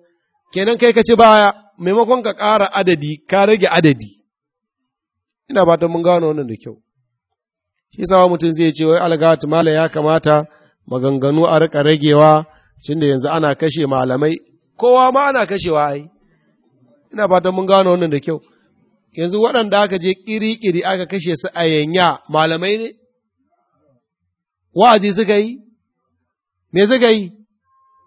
kenan kai ka ci baya maimakon ka ƙara adadi ka rage adadi ina fatan mun gano wannan da kyau shi sawa mutum zai ce wai algatu mala ya kamata maganganu a rika ragewa tunda yanzu ana kashe malamai kowa ma ana kashewa ai ina fatan mun gano wannan da kyau yanzu waɗanda aka je ƙiri-ƙiri aka kashe su a yanya malamai ne wa'azi suka yi me suka yi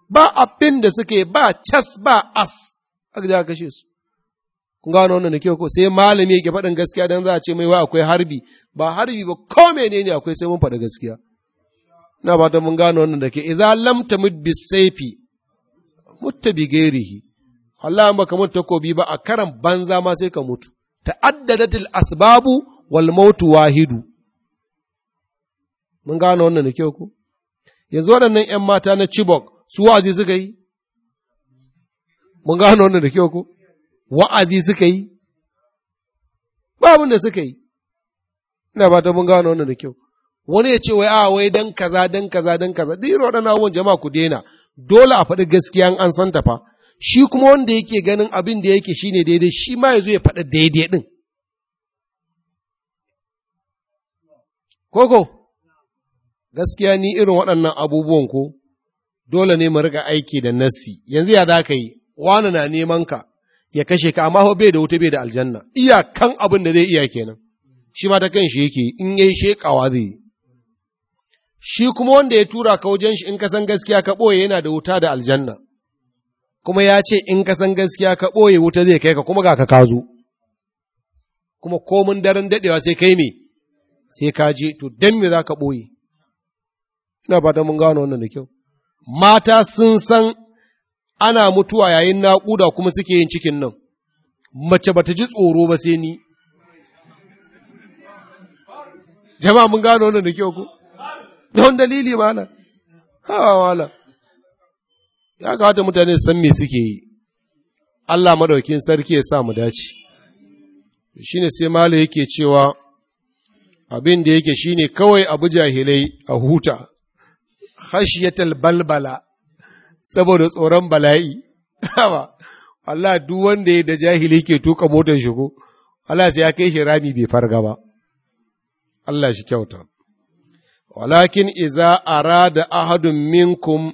ba abin da suke ba cas ba as aka je aka kashe su kun gano wannan da kyau ko sai malami yake faɗin gaskiya don za a ce mai wa akwai harbi ba harbi ba ko ne akwai sai mun faɗi gaskiya na fatan mun gano wannan da ke Iza lam tamud bisayfi mutabi bi Allah ka mutu takobi ba a karan banza ma sai ka mutu ta'addadatil asbabu wal mautu wahidu mun gano wannan da kyau ko yanzu waɗannan 'yan mata na Chibok su wa'azi suka yi mun gano wannan da kyau ko wa'azi suka yi ba abin da suka yi ina ba ta mun gano wannan da kyau wani ya ce wai a ah, wai dan kaza dan kaza dan kaza duk irin waɗannan abubuwan jama'a ku daina dole a faɗi gaskiya an san ta fa shi kuma wanda yake ganin abin da yake shine daidai shi ma ya zo ya faɗa daidai ɗin. Koko, gaskiya ni irin waɗannan abubuwan ko, dole ne mu riga aiki da nasi, yanzu ya za yi, wani na neman ka, ya kashe ka, amma bai da wuta bai da aljanna, iyakan abin da zai iya kenan, shi ma ta kan shi yake in yai shekawa zai yi. Shi kuma wanda ya tura ka wajen shi in ka san gaskiya ka ɓoye yana da wuta da aljanna. kuma ya ce in ka san gaskiya ka ɓoye wuta zai kai ka kuma ga ka kazo kuma komin daren daɗewa sai kai me sai ka je to don me za ka ɓoye ina ba mun gano wannan da kyau mata sun san ana mutuwa yayin naƙuda kuma suke yin cikin nan mace bata ji tsoro ba sai ni jama'a mun gano wannan da kyau ko don dalili malam ha malam ya ga wata mutane san me suke yi Allah madaukin sarki ya sa mu dace shi ne sai mala yake cewa abin da yake shi ne kawai abu jahilai a huta hashiyatal balbala saboda tsoron bala'i Allah duk wanda ya da jahili ke tuka motar shi ko Allah sai ya kai shi rami bai farga ba Allah shi kyauta walakin iza arada ahadun minkum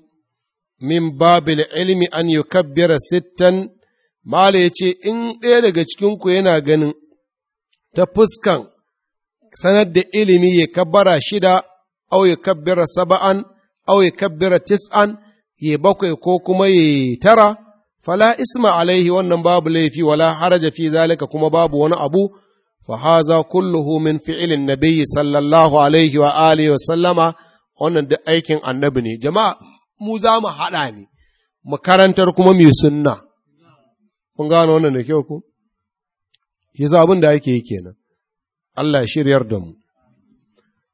min babil ilmi an yukabbira sittan mala ya ce in ɗaya daga cikinku yana ganin ta fuskan sanar da ilimi ya kabbara shida au ya kabbira saba'an au ya kabbira tis'an ya bakwai ko kuma ya tara fala isma alaihi wannan babu laifi wala haraja fi zalika kuma babu wani abu fa haza kulluhu min fi'ilin nabiyyi sallallahu alaihi wa alihi wa sallama wannan duk aikin annabi ne jama'a mu za mu haɗa ne, makarantar kuma mai sunna. Kun gano wannan da kyau ku? Shi za abin da ake yi kenan. Allah shiryar da mu.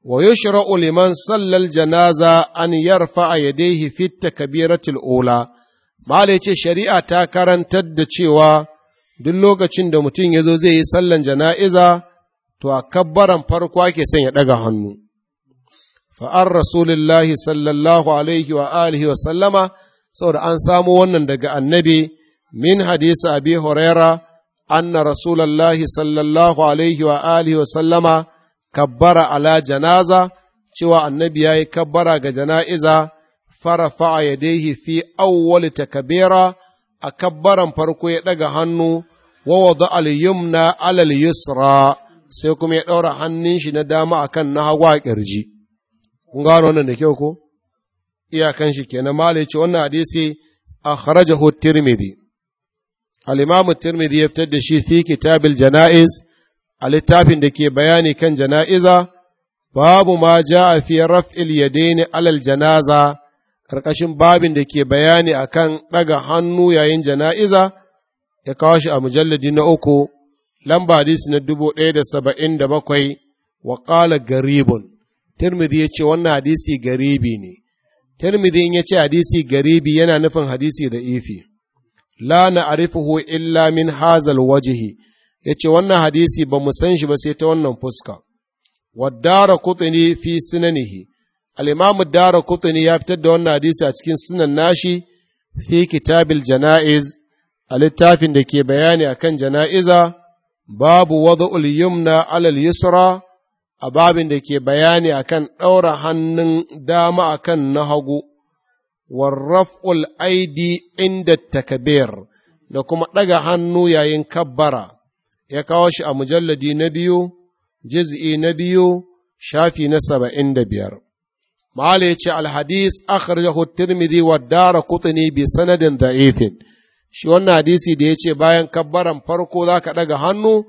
Wa yushra'u uliman sallal janaza an yarfa yadayhi fi kabiratul ula. Malai ce shari'a ta karantar da cewa duk lokacin da mutum ya zo zai yi sallan jana'iza, to a kabbaran farko ake son ya ɗaga hannu. fa'an rasulullahi sallallahu alaihi wa alihi wa sallama saboda an samo wannan daga annabi min hadisi abi huraira anna Rasulullahi sallallahu alaihi wa alihi wa sallama kabbara ala janaza cewa annabi ya yi kabbara ga jana'iza farafa yadaihi fi awwali takabira a kabbaran farko ya ɗaga hannu wa wada al-yumna alal yusra sai kuma ya ɗaura hannun shi na dama akan na hagu a ƙirji kun gano wannan da kyau ko iyakan shi kenan malai ce wannan hadisi akhrajahu tirmidhi al-imam tirmidhi ya fitar da shi fi kitabil janaiz a littafin da ke bayani kan jana'iza babu ma ja'a fi raf'il yadaini alal janaza karkashin babin da ke bayani akan ɗaga hannu yayin jana'iza ya kawo shi a mujalladi na uku lamba hadisi na dubu da saba'in da bakwai wa qala garibun tirmidhi ya ce wannan hadisi garibi ne tirmidhi ya ce hadisi garibi yana nufin hadisi da ifi la arifuhu illa min hazal wajhi ce wannan hadisi ba mu san shi ba sai ta wannan fuska wadara kutuni fi sunanihi al-imam dara kutuni ya fitar da wannan hadisi a cikin sunan nashi fi kitabil janaiz a littafin da ke bayani akan jana'iza babu wadul yumna alal yusra a babin da ke bayani akan ɗaura hannun dama akan na hagu, warraf'ul aidi inda takabir da kuma ɗaga hannu yayin kabbara, ya kawo shi a mujalladi na biyu, jiz'i na biyu, shafi na saba'in da biyar. Ma’ala ya ce alhadis akhrajahu tirmidhi wa dara kutuni bi sanadin ifin. Shi wannan hadisi da ya ce bayan kabbaran farko za ka ɗaga hannu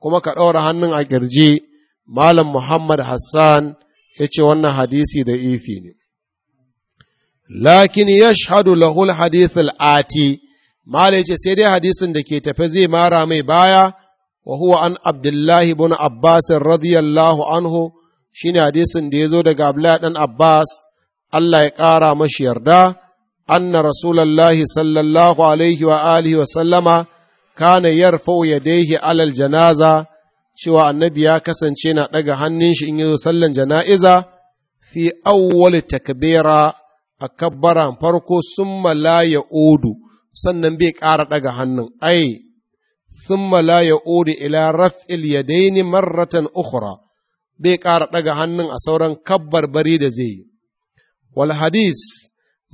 kuma ka ɗaura hannun a ƙirji. Malam Muhammad Hassan ya ce wannan hadisi da ifi ne. Lakin ya shahadu lahul hadithul ati, Malam ce sai dai hadisin da ke tafe zai mara mai baya, wa huwa an Abdullahi bin Abbas radiyallahu anhu shine hadisin da ya zo daga Abdullahi Ɗan Abbas, Allah ya ƙara mashi yarda, anna Rasulallahi sallallahu alaihi wa alihi wa sallama kana yarfau yadaihi alal janaza cewa annabi ya kasance na ɗaga hannun shi in yi sallan jana'iza fi awwali takbira a kabbara farko sun mala ya odu sannan bai ƙara ɗaga hannun ai sun mala ya odu ila raf'il daini marratan ukhra bai ƙara ɗaga hannun a sauran kabbar bari da zai yi wal hadis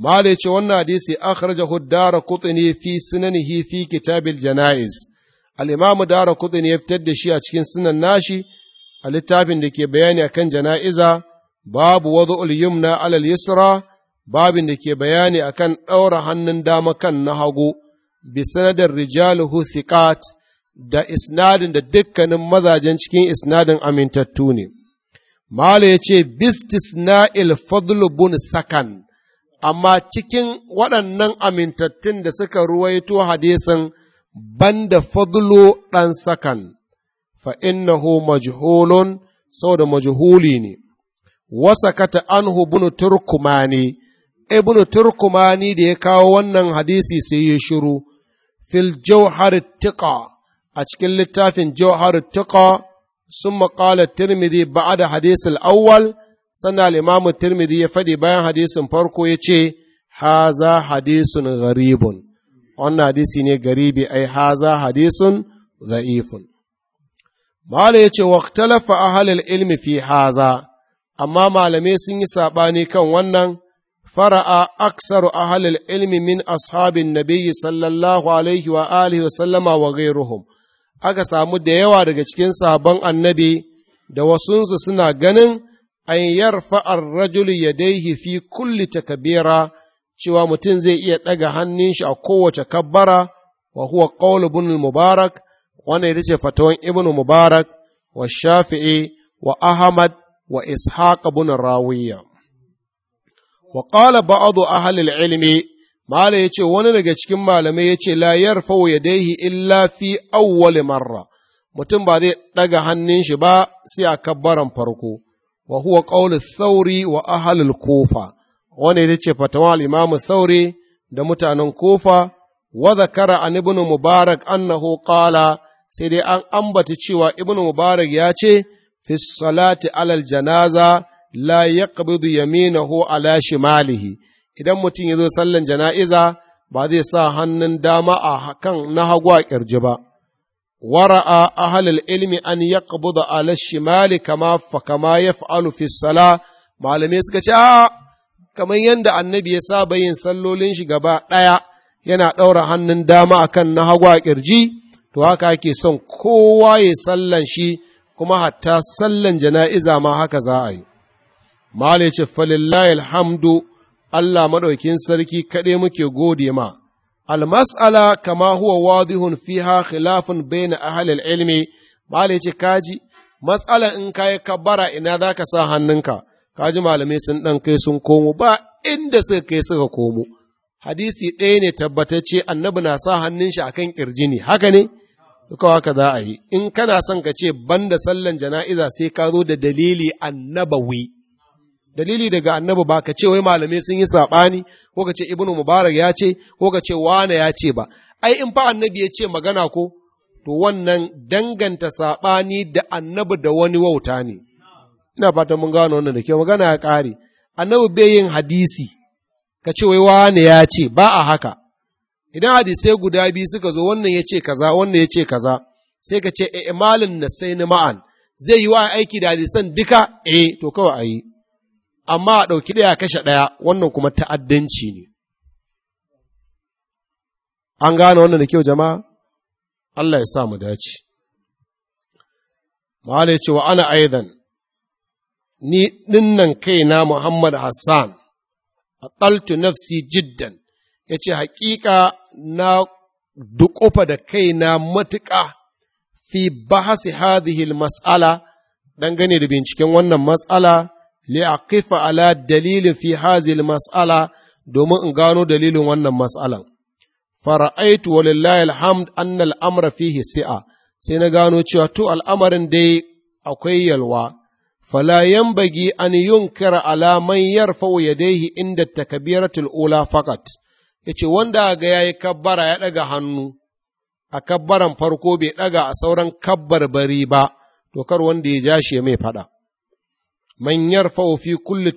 ma da ce wannan hadisi akhrajahu dara kutni fi sunanihi fi kitabil janaiz al'imamu dara kudin ya fitar da shi a cikin sunan nashi a littafin da ke bayani a kan jana'iza babu wadu ulyum na alal yusra babin da ke bayani a kan ɗaura hannun dama kan na hagu bi sanadar rijaluhu husikat da isnadin da dukkanin mazajen cikin isnadin amintattu ne Mala ya ce, Bistisna'il bun Sakan, amma cikin waɗannan amintattun da suka ruwaito hadisin banda fadlo dan sakan, fa innahu majhulun saboda majhuli ne, wasakata anhu bunu turkumani, ibnu turkumani da ya kawo wannan hadisi sai ya shiru, fil jauhar tiqa a cikin littafin jauhar tiqa sun maƙala tirmidhi ba'a da al awwal sannan al'imamu tirmidhi ya faɗi bayan hadisin farko ya ce, haza hadisun gharibun. wannan hadisi ne garibi ai haza hadisun za'ifun mala ya ce waktalafa ahalil ilmi fi haza amma malamai sun yi saɓani kan wannan fara'a aksaru ahalil ilmi min ashabin nabiyyi sallallahu alaihi wa alihi wa sallama wa aka samu da yawa daga cikin sabon annabi da wasunsu suna ganin an yarfa ar-rajulu yadaihi fi kulli takabira cewa mutum zai iya ɗaga hannun shi a kowace kabbara wa huwa qawl ibn mubarak wanda ita ce fatawan ibn mubarak wa shafi'i wa ahmad wa ishaq ibn rawiya wa qala ba'du ahli al-ilmi mala yace wani daga cikin malamai yace la yarfa yadayhi illa fi awwal marra mutum ba zai ɗaga hannun shi ba sai a kabbaran farko wa huwa sauri thawri wa ahli al-kufa wani da ce fatawa al-imamu sauri da mutanen kofa wa zakara an ibn mubarak annahu qala sai dai an ambata cewa ibn mubarak ya ce fi salati alal janaza la yaqbidu yaminahu ala shimalihi idan mutum ya zo sallan jana'iza ba zai sa hannun dama a kan na hagu a ƙirji ba wara'a ahlul ilmi an yaqbidu ala shimali kama fa kama yaf'alu fi sala malamai suka ce a'a kamar yadda annabi ya saba yin sallolin shi gaba ɗaya yana ɗaura hannun dama a kan na hagu a ƙirji to haka ake son kowa ya sallan shi kuma hatta sallan jana'iza ma haka za a yi mala ce falillahi alhamdu Allah maɗaukin sarki kaɗai muke gode ma almas'ala kama huwa wadihun fiha khilafun baina ahlil ilmi mala ce kaji mas'ala in kai kabbara ina zaka sa hannunka kaji malamai sun ɗan kai sun komo ba inda suka kai suka komo hadisi ɗaya ne tabbatacce annabi na sa hannun shi akan kirji ne haka ne duka haka za a yi in kana son ka ce banda sallan jana'iza sai ka zo da dalili annabawi dalili daga annabi ba ka ce wai malamai sun yi saɓani ko ka ce ibnu mubarak ya ce ko ka ce wane ya ce ba ai in fa annabi ya ce magana ko to wannan danganta saɓani da annabi da wani wauta ne ina fatan mun gano wannan da kyau magana ya ƙare annabi bai yin hadisi ka ce wai wani ya ce ba a haka idan hadisai guda biyu suka zo wannan ya ce kaza wannan ya ce kaza sai ka ce imalin eh, na sai ni ma'an zai yi wa aiki da hadisan duka eh to kawai ayi. amma a ɗauki ɗaya kashe ɗaya wannan kuma ta'addanci ne an gane wannan da kyau jama'a Allah ya sa mu dace Mahala ya ce wa ana aidan ni ɗinnan kaina Muhammad Hassan, a aqaltu nafsi jiddan, ya ce, Hakika na duƙufa da kaina matuƙa fi bahasi hadhihi mas'ala dangane da binciken wannan mas'ala, li'aqifa ala dalilin fi hadhihi mas'ala domin in gano dalilin wannan mas'alan. Fara'aitu walillahi alhamd annal amra fihi si'a, sai na gano cewa to al'amarin dai akwai yalwa. fala bagi an yunkara ala man yarfa'u yadayhi inda takbiratul ula faqat yace wanda ga yayi kabbara ya daga hannu a kabbaran farko bai daga a sauran kabbar bari ba to kar wanda ya ja shi mai faɗa. Manyar fa'ufi fi kulli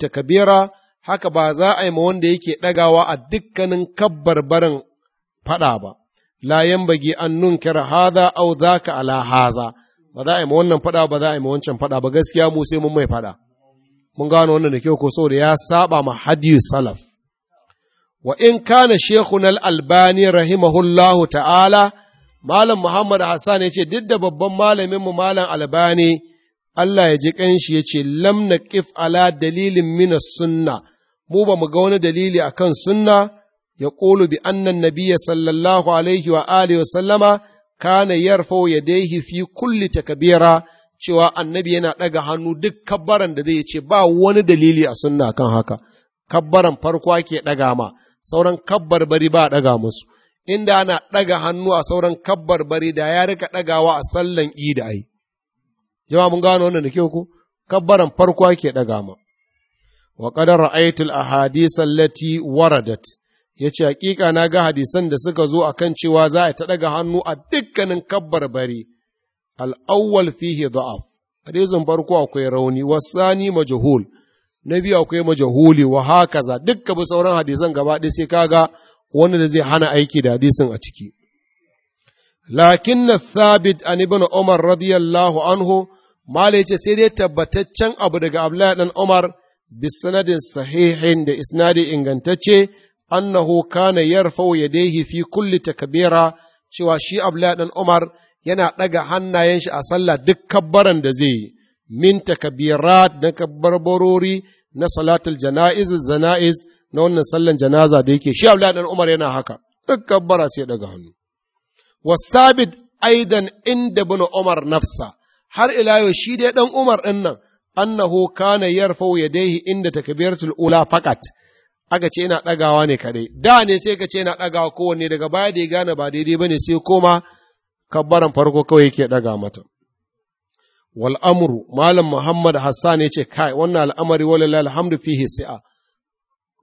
haka ba za a yi ma wanda yake dagawa a dukkanin kabbar barin faɗa ba Layan bagi an haza hadha aw dhaka ala haza ba za a yi wannan faɗa ba za a yi wancan fada ba gaskiya mu sai mun mai faɗa mun gano wannan da kyau ko da ya saba ma hadiyu salaf wa in kana shekun al-albani rahimahullahu ta'ala malam muhammad hassan ya ce duk da babban malamin mu malam albani Allah ya ji kanshi ya ce lam naqif ala dalilin mina sunna mu ba mu ga wani dalili akan sunna ya qulu bi anna nabiyya sallallahu alaihi wa alihi wa sallama kana ya yadayhi fi kulli takbira cewa annabi yana ɗaga hannu duk kabbaran da zai ce ba wani dalili a sunna kan haka kabbaran farko ke ɗaga ma sauran kabbar bari ba ɗaga musu inda ana ɗaga hannu a sauran kabbar bari da ya rika ɗagawa a sallan idi ai jama'a mun gano wannan da kyau ku, kabbaran farko ke ɗaga ma wa qad ra'aytu ahadith allati waradat ya ce hakika na ga hadisan da suka zo a kan cewa za a ta ga hannu a dukkanin kabbar bari al'awwal fihi da'af hadisin farko akwai rauni wasani majahul. na biyu akwai majahuli wa haka za, dukka bi sauran hadisan gaba ɗaya sai kaga wani da zai hana aiki da hadisin a ciki lakin na thabit an ibn umar radiyallahu anhu mala yace sai dai tabbataccen abu daga abdullahi dan umar bisanadin sahihin da isnadi ingantacce annahu kana yarfau yadayhi fi kulli takbira cewa shi Abdullahi dan Umar yana ɗaga hannayen shi a sallah duk kabbaran da zai yi min takbirat da kabbarborori na salatul janaiz zanaiz na wannan sallan janaza da yake shi Abdullahi dan Umar yana haka duk kabbara sai daga hannu wasabit aidan inda ibn Umar nafsa har ila yau shi dai dan Umar din nan annahu kana yarfau yadayhi inda takbiratul ula faqat aka ce yana ɗagawa ne kaɗai da ne sai ka ce ina ɗagawa kowanne daga baya da ya gane ba daidai ba ne sai koma kabbaran farko kawai yake ɗaga mata Wal'amuru malam muhammad hassan ya ce kai wannan al'amari walillahi alhamdu fihi si'a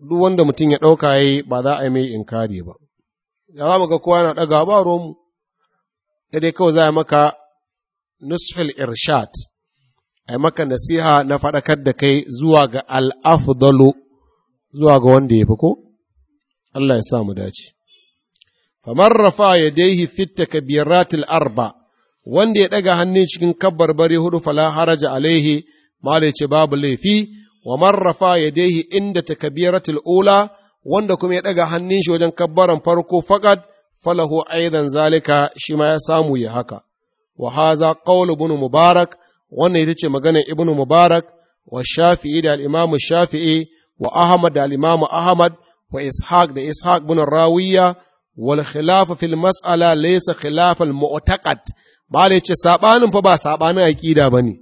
duk wanda mutum ya ɗauka yayi ba za a yi mai inkari ba Ya za mu ga kowa yana ɗaga ba romu, sai dai kawai za a maka nushul irshad a maka nasiha na faɗakar da kai zuwa ga al'afdalu zuwa ga wanda ya fi ko Allah ya sa mu dace famar rafa ya daihi fitta kabiratil arba wanda ya ɗaga hannun cikin kabbarbari hudu fala haraja alaihi mala ce babu laifi wa marrafa ya daihi inda takabiratul ula wanda kuma ya ɗaga hannun shi wajen kabbaran farko faƙad falahu aidan zalika shi ma ya samu ya haka wa haza qawlu mubarak wannan ita ce maganar Ibnu mubarak wa shafi'i da al shafi'i wa Ahmad da al Ahmad wa Ishaq da Ishaq bin Rawiya wal khilaf fil mas'ala laysa khilaf al mu'taqad bale ce sabanin fa ba sabanin aqida bane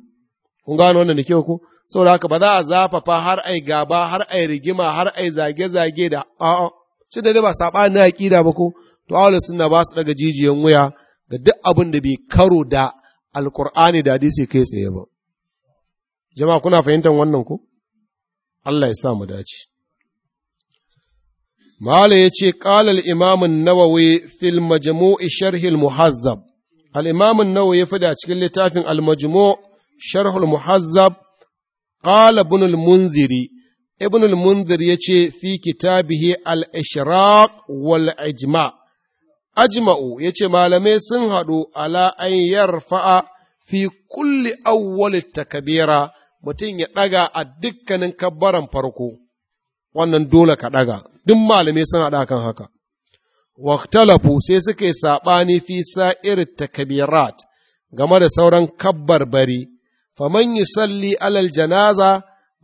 kun gano wannan da kyau ko saboda haka ba za a zafafa har ai gaba har ai rigima har ai zage zage da a'a shi da ba sabanin aqida ba ko to ahlus sunna ba su daga jijiyan wuya ga duk abin da bai karo da Alƙur'ani da hadisi kai tsaye ba jama'a kuna fahimtar wannan ko Allah ya sa mu dace. Mala ya ce, Ƙalal imamun nawawi fil majmu'i sharhil muhazzab, imamun nawawi ya fada cikin littafin al-majmu' sharhul muhazzab, ƙala bunul munziri, ibnul munziri ya ce fi kitabihi al-ishraq wal ijma' ajma'u ya ce malamai sun haɗu ala an yarfa'a fi kulli awwal takabira mutum ya ɗaga a dukkanin kabbaran farko, wannan dole ka ɗaga, duk malamai sun haɗa kan haka. Waktalafu sai suka yi saɓani fi sa'ir takabirat game da sauran kabbar bari, faman yi salli alal janaza,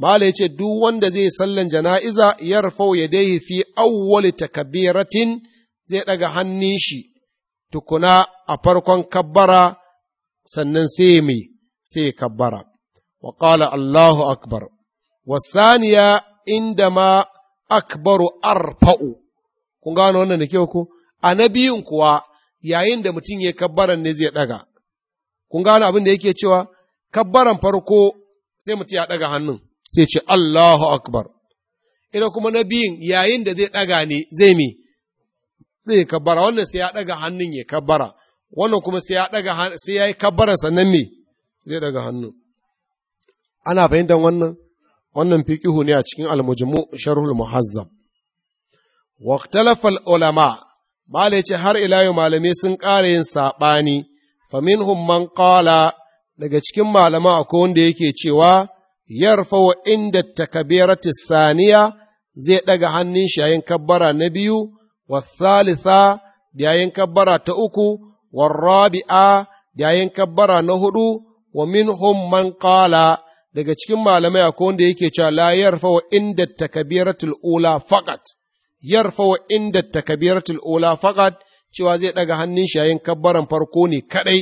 malam ce, Duk wanda zai sallan jana'iza, fau ya dai fi awwali takabiratin zai ɗaga hannun shi, tukuna a farkon kabbara, sannan sai mai sai kabbara. wa qala Allahu akbar wasaniya indama akbaru arfa'u kun gano wannan da ke ko a na biyun kuwa yayin da mutum ya kabbaran ne zai daga kun gano abin da yake cewa kabbaran farko sai mutum ya daga hannun sai ce Allahu akbar ina kuma na biyun yayin da zai daga ne zai mi zai kabbara wannan sai ya daga hannun ya kabbara wannan kuma sai ya daga sai ya yi kabbara sannan me zai daga hannun ana fahimtar wannan wannan fiqihu ne a cikin al sharhul muhazzab waqtalafa ulama malai ce har ila yau malamai sun ƙara yin saɓani minhum man qala daga cikin malaman akwai wanda yake cewa yarfa wa inda takabirati saniya zai ɗaga hannun shi yayin kabbara na biyu wa thalitha yayin kabbara ta uku wa rabi'a yayin kabbara na hudu wa minhum man qala daga cikin malamai akwai wanda yake cewa la yarfa wa inda takabiratul ula faqat yarfa wa inda takabiratul ula faqat cewa zai daga hannun shi yayin kabbaran farko ne kadai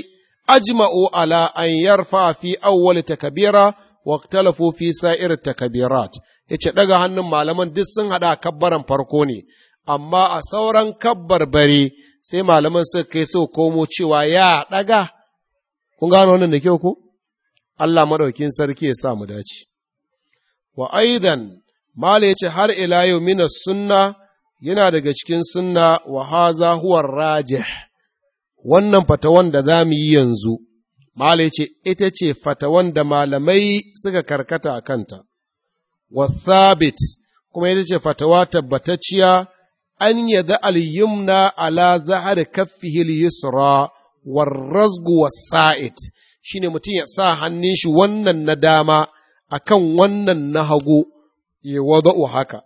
ajma'u ala an yarfa fi awwal takabira wa ikhtalafu fi sa'ir takabirat yace daga hannun malaman duk sun hada kabbaran farko ne amma a sauran kabbar bare sai malaman suka kai so komo cewa ya daga kun gano wannan da kyau ko Allah madaukin sarki ya sa mu dace wa aidan mala yace har ila yau mina sunna yana daga cikin sunna wa haza huwa rajih wannan fatawan da za mu yi yanzu mala yace ita ce fatawan da malamai suka karkata a kanta wa thabit kuma ita ce fatawa tabbatacciya an yada al-yumna ala zahar kaffihi al-yusra war razgu was sa'id ne mutum ya sa hannun shi wannan na dama akan wannan na hagu ya wada'u haka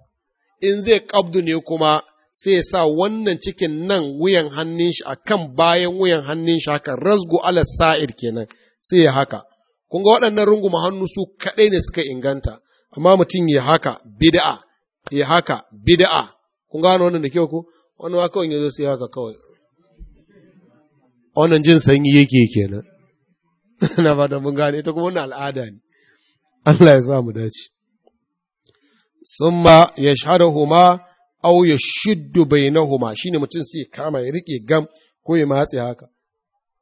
in zai kabdu ne kuma sai ya sa wannan cikin nan wuyan hannun shi akan bayan wuyan hannun shi haka rasgu ala sa’ir kenan sai ya haka kun ga waɗannan runguma hannu su kaɗai ne suka inganta amma mutum ya haka bida'a, ya haka bida'a. kun gano wannan da kyau ko wani ma kawai ya zo sai haka kawai wannan jin sanyi yake kenan na fata mun gane ita kuma wannan al'ada ne Allah ya sa mu dace summa yashhaduhuma aw yashuddu bainahuma shine mutum sai kama ya rike gam ko ya matse haka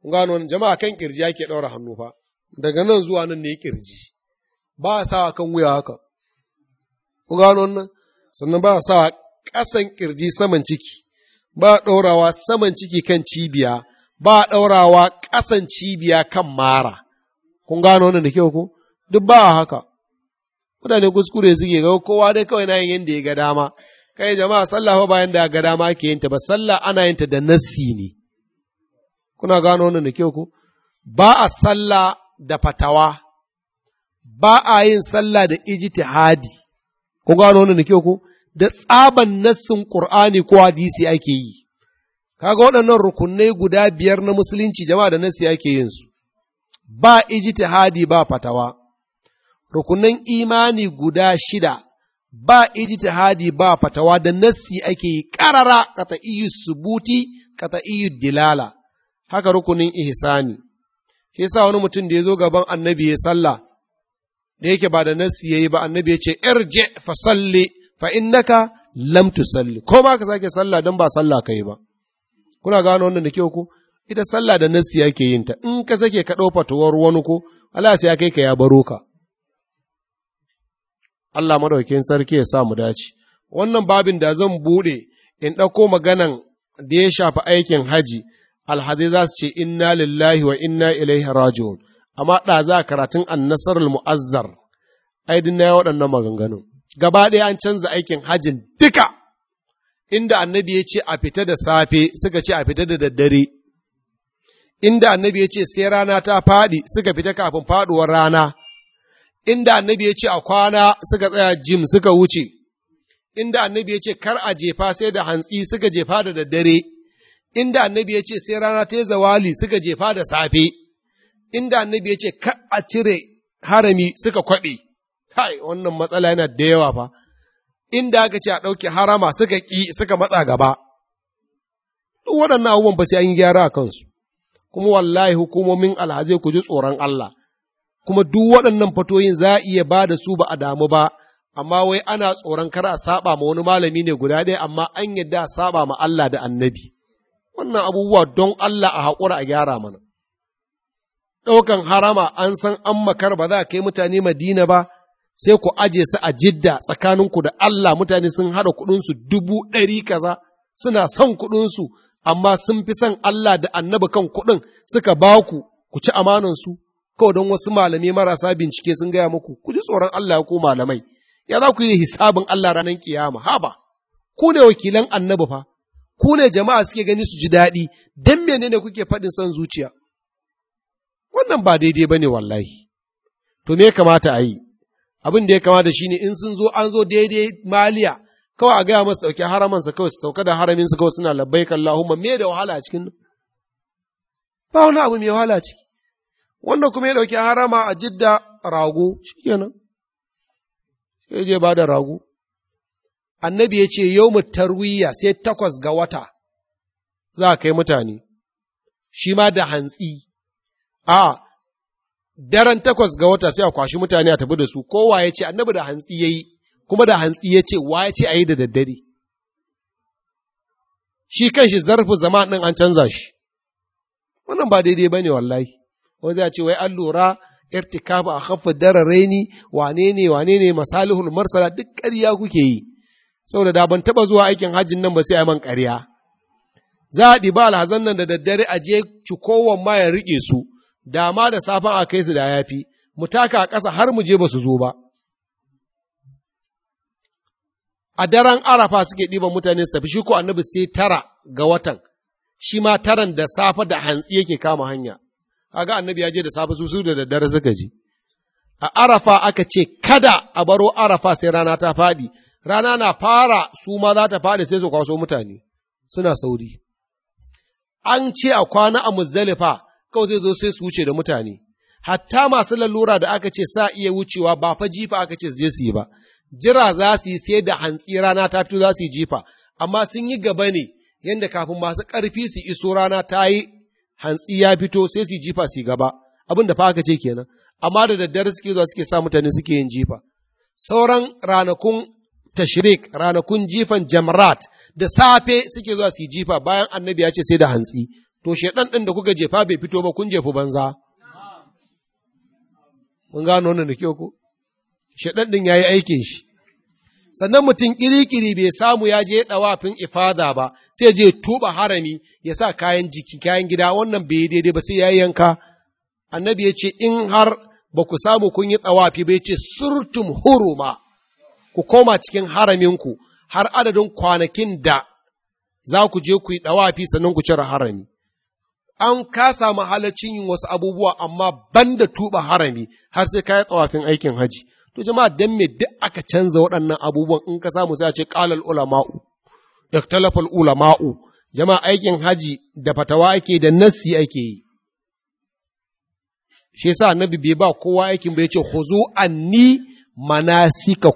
kun gano wannan jama'a kan kirji yake daura hannu fa daga nan zuwa nan ne kirji ba sa kan wuya haka gano wannan sannan ba sa ƙasan kirji saman ciki ba ɗorawa saman ciki kan cibiya ba a ɗaurawa ƙasan cibiya kan mara, kun gano wannan da kyau ko? Duk ba haka, mutane kuskure suke ga kowa dai kawai na yin yadda ya ga dama, kai jama'a sallah ba bayan da ga dama ke yinta ba, sallah ana yinta da nassi ne. Kuna gano wannan da kyau ko? Ba a sallah da fatawa, ba a yin sallah da ijtihadi. Kun gano wannan da kyau ko? Da tsaban nassin Kur'ani ko hadisi ake yi. kaga waɗannan rukunai guda biyar na musulunci jama'a da nasi ake yin su ba ijtihadi ba fatawa rukunan imani guda shida ba ijtihadi ba fatawa da nasi ake yi karara kata iyu subuti kata iyu dilala haka rukunin ihsani shi yasa wani mutum da ya zo gaban annabi ya sallah da yake ba da nasi yayi ba annabi ya ce irje fa salli fa innaka lam tusalli ko ba ka sake sallah dan ba sallah kai ba kuna gano wannan da kyau ko ita sallah da nasi yake yin ta in ka sake ka ɗau fatuwar wani ko Allah sai ya kai ka ya baro ka Allah madaukakin sarki ya sa mu dace wannan babin da zan bude in ɗauko maganan da ya shafi aikin haji alhazai za su ce inna lillahi wa inna ilaihi raji'un amma da za karatun annasar mu'azzar ai na waɗannan maganganun gaba ɗaya an canza aikin hajin duka inda annabi ya ce a fita da safe suka ce a fita da daddare, inda annabi ya ce sai rana ta faɗi suka fita kafin faɗuwar rana, inda annabi ya ce a kwana suka tsaya jim suka wuce, inda annabi ya ce kar a jefa sai da hantsi suka jefa da daddare, inda annabi ya ce sai rana ta zawali suka jefa da safe, inda annabi ya ce kar a cire harami suka kwaɓe, kai wannan matsala yana da yawa fa. inda aka ce a ɗauke harama suka ƙi suka matsa gaba. Duk waɗannan abubuwan ba sai an yi gyara a kansu, kuma wallahi hukumomin alhazai ku ji tsoron Allah, kuma duk waɗannan fatoyin za a iya ba da su ba a damu ba, amma wai ana tsoron kar a saba ma wani malami ne guda ɗaya amma an yadda a saba ma Allah da annabi. Wannan abubuwa don Allah a haƙura a gyara mana. Ɗaukan harama an san an makar ba za a kai mutane Madina ba, sai ku aje su a jidda tsakaninku da Allah mutane sun haɗa kuɗinsu dubu ɗari kaza suna son kuɗinsu amma sun fi son Allah da annabi kan kuɗin suka ba ku ku ci amanansu kawai don wasu malamai marasa bincike sun gaya muku ku ji tsoron Allah ko malamai ya za ku yi hisabin Allah ranar kiyama haba ku ne wakilan annabi fa ku ne jama'a suke gani su ji daɗi don menene kuke faɗin son zuciya wannan ba daidai ba ne wallahi to me kamata a yi abin da ya kama da shi ne in sun zo an zo daidai maliya kawai a gaya masu sauke haramansa kawai su sauka da haramin su kawai suna labbaik Allahumma me da wahala a cikin ba wani abu mai wahala a ciki wanda kuma ya dauki harama a jidda rago shikenan sai je ba da rago annabi ya ce yau mu tarwiya sai takwas ga wata za a kai mutane shi ma da hantsi a daren takwas ga wata sai a kwashi mutane a tafi da su kowa ya ce annabi da hantsi ya yi kuma da hantsi ya ce wa ya ce a yi da daddare shi kan shi zarfi zama ɗin an canza shi wannan ba daidai ba ne wallahi wani zai ce wai an lura ba a dara raini? wane ne wane ne masalihul marsala duk ƙarya kuke yi saboda da ban taɓa zuwa aikin hajjin nan ba sai a man ƙarya za a ɗiba alhazan nan da daddare a je cikowan ma ya riƙe su dama da safan a kai su da yafi mu taka a ƙasa har mu je ba su zo ba a daren arafa suke ɗiban mutane su tafi shi ko annabi sai tara ga watan shi ma taran da safa da hantsi yake kama hanya kaga annabi ya je da safa su da daddare suka je a arafa aka ce kada a baro arafa sai rana ta faɗi rana na fara su ma za ta faɗi sai su kwaso mutane suna sauri an ce a kwana a muzdalifa kawai zai zo sai su wuce da mutane hatta masu lalura da aka ce sa iya wucewa ba fa jifa aka ce zai su yi ba jira za su yi sai da hantsi rana ta fito za su yi jifa amma sun yi gaba ne yadda kafin masu ƙarfi su iso rana ta yi hantsi ya fito sai su yi jifa su yi gaba abin da fa aka ce kenan amma da daddare suke zuwa suke sa mutane suke yin jifa sauran ranakun tashrik ranakun jifan jamrat da safe suke zuwa su yi jifa bayan annabi ya ce sai da hantsi to shaɗan ɗin da kuka jefa bai fito ba kun jefa banza. Mun gano wannan da kyau ko? Shaɗan ɗin ya yi aikin shi. Sannan mutum ƙiri-ƙiri bai samu ya je ɗawafin ifada ba, sai je tuba harami ya sa kayan jiki, kayan gida wannan bai daidai ba sai ya yanka. Annabi ya ce in har ba ku samu kun yi ɗawafi ba ya ce surtum huruma ku koma cikin haraminku har adadin kwanakin da za ku je ku yi sannan ku cire harami. an kasa mahalacin yin wasu abubuwa amma banda tuba harami har sai kayan tsawafin aikin haji to jama'a dan mai duk aka canza waɗannan abubuwan in ka samu sai a ce qalal ulama'u ikhtalafal ulama'u jama'a aikin haji da fatawa ake da nassi ake yi shi yasa annabi bai ba kowa aikin bai ce khuzu anni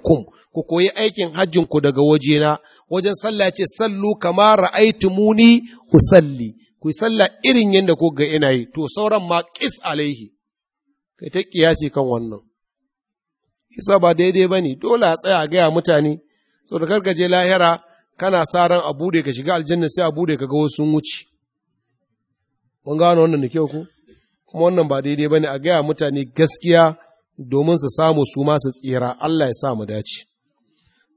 kum, ku koyi aikin hajjin ku daga wajena wajen sallah ce sallu kama ku usalli ku yi sallah irin yadda ko ga ina yi, to sauran ma ƙis alaihi, kai ta ƙiyasi kan wannan. Isa ba daidai ba ne, dole a tsaya a gaya mutane, so da je lahira kana sa ran a bude ka shiga aljanna sai a bude ka ga wasu wuce. Mun gano wannan da kyau ko? Kuma wannan ba daidai ba ne a gaya mutane gaskiya domin su samu su ma su tsira, Allah ya sa mu dace.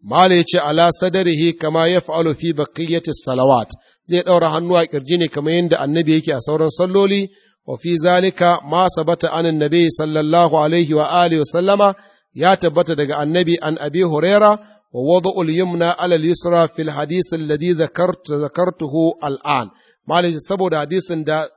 Mala ya ce, Ala sadarihi kama ya fa'alu fi bakiyyati salawat, zai ɗaura hannu a ƙirji ne kamar yadda annabi yake a sauran salloli, wa fi zalika ma sabata an sallallahu alaihi wa alihi wa ya tabbata daga annabi an abi huraira wa wada'ul yumna ala yusra fil hadis alladhi zakartuhu al'an. Mala ya saboda hadisin da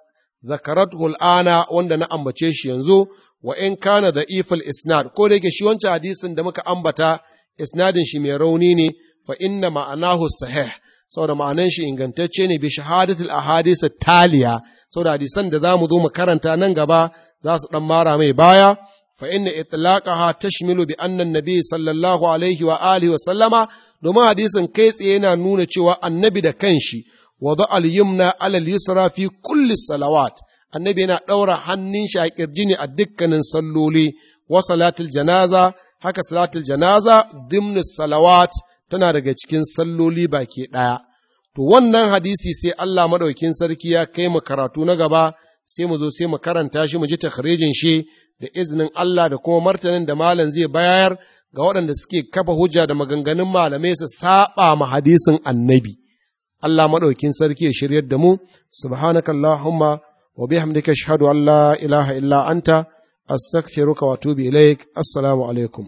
zakaratuhu al'ana wanda na ambace shi yanzu wa in kana da ifil isnad ko da yake shi wancan hadisin da muka ambata isnadin shi mai rauni ne fa inna ma'anahu sahih saboda ma'anan shi ingantacce ne bi shahadatul ahadith taliya saboda hadisan da zamu zo mu karanta nan gaba za su dan mara mai baya fa inna itlaqaha tashmilu bi anna an-nabi sallallahu alaihi wa alihi wa sallama domin hadisin kai tsaye yana nuna cewa annabi da kanshi wada al-yumna ala al-yusra fi kulli salawat annabi yana daura hannun shi a kirji ne a dukkanin salloli wa salatul janaza haka salatul janaza dimni salawat tana daga cikin salloli baki ɗaya to wannan hadisi sai Allah madaukin sarki ya kai mu karatu na gaba sai mu zo sai mu karanta shi mu ji takhrijin shi da izinin Allah da kuma martanin da malam zai bayar ga waɗanda suke kafa hujja da maganganun malamai su saba ma hadisin annabi Allah madaukin sarki ya shiryar da mu subhanakallahumma wa bihamdika ashhadu an la ilaha illa anta astaghfiruka wa atubu ilaik assalamu alaikum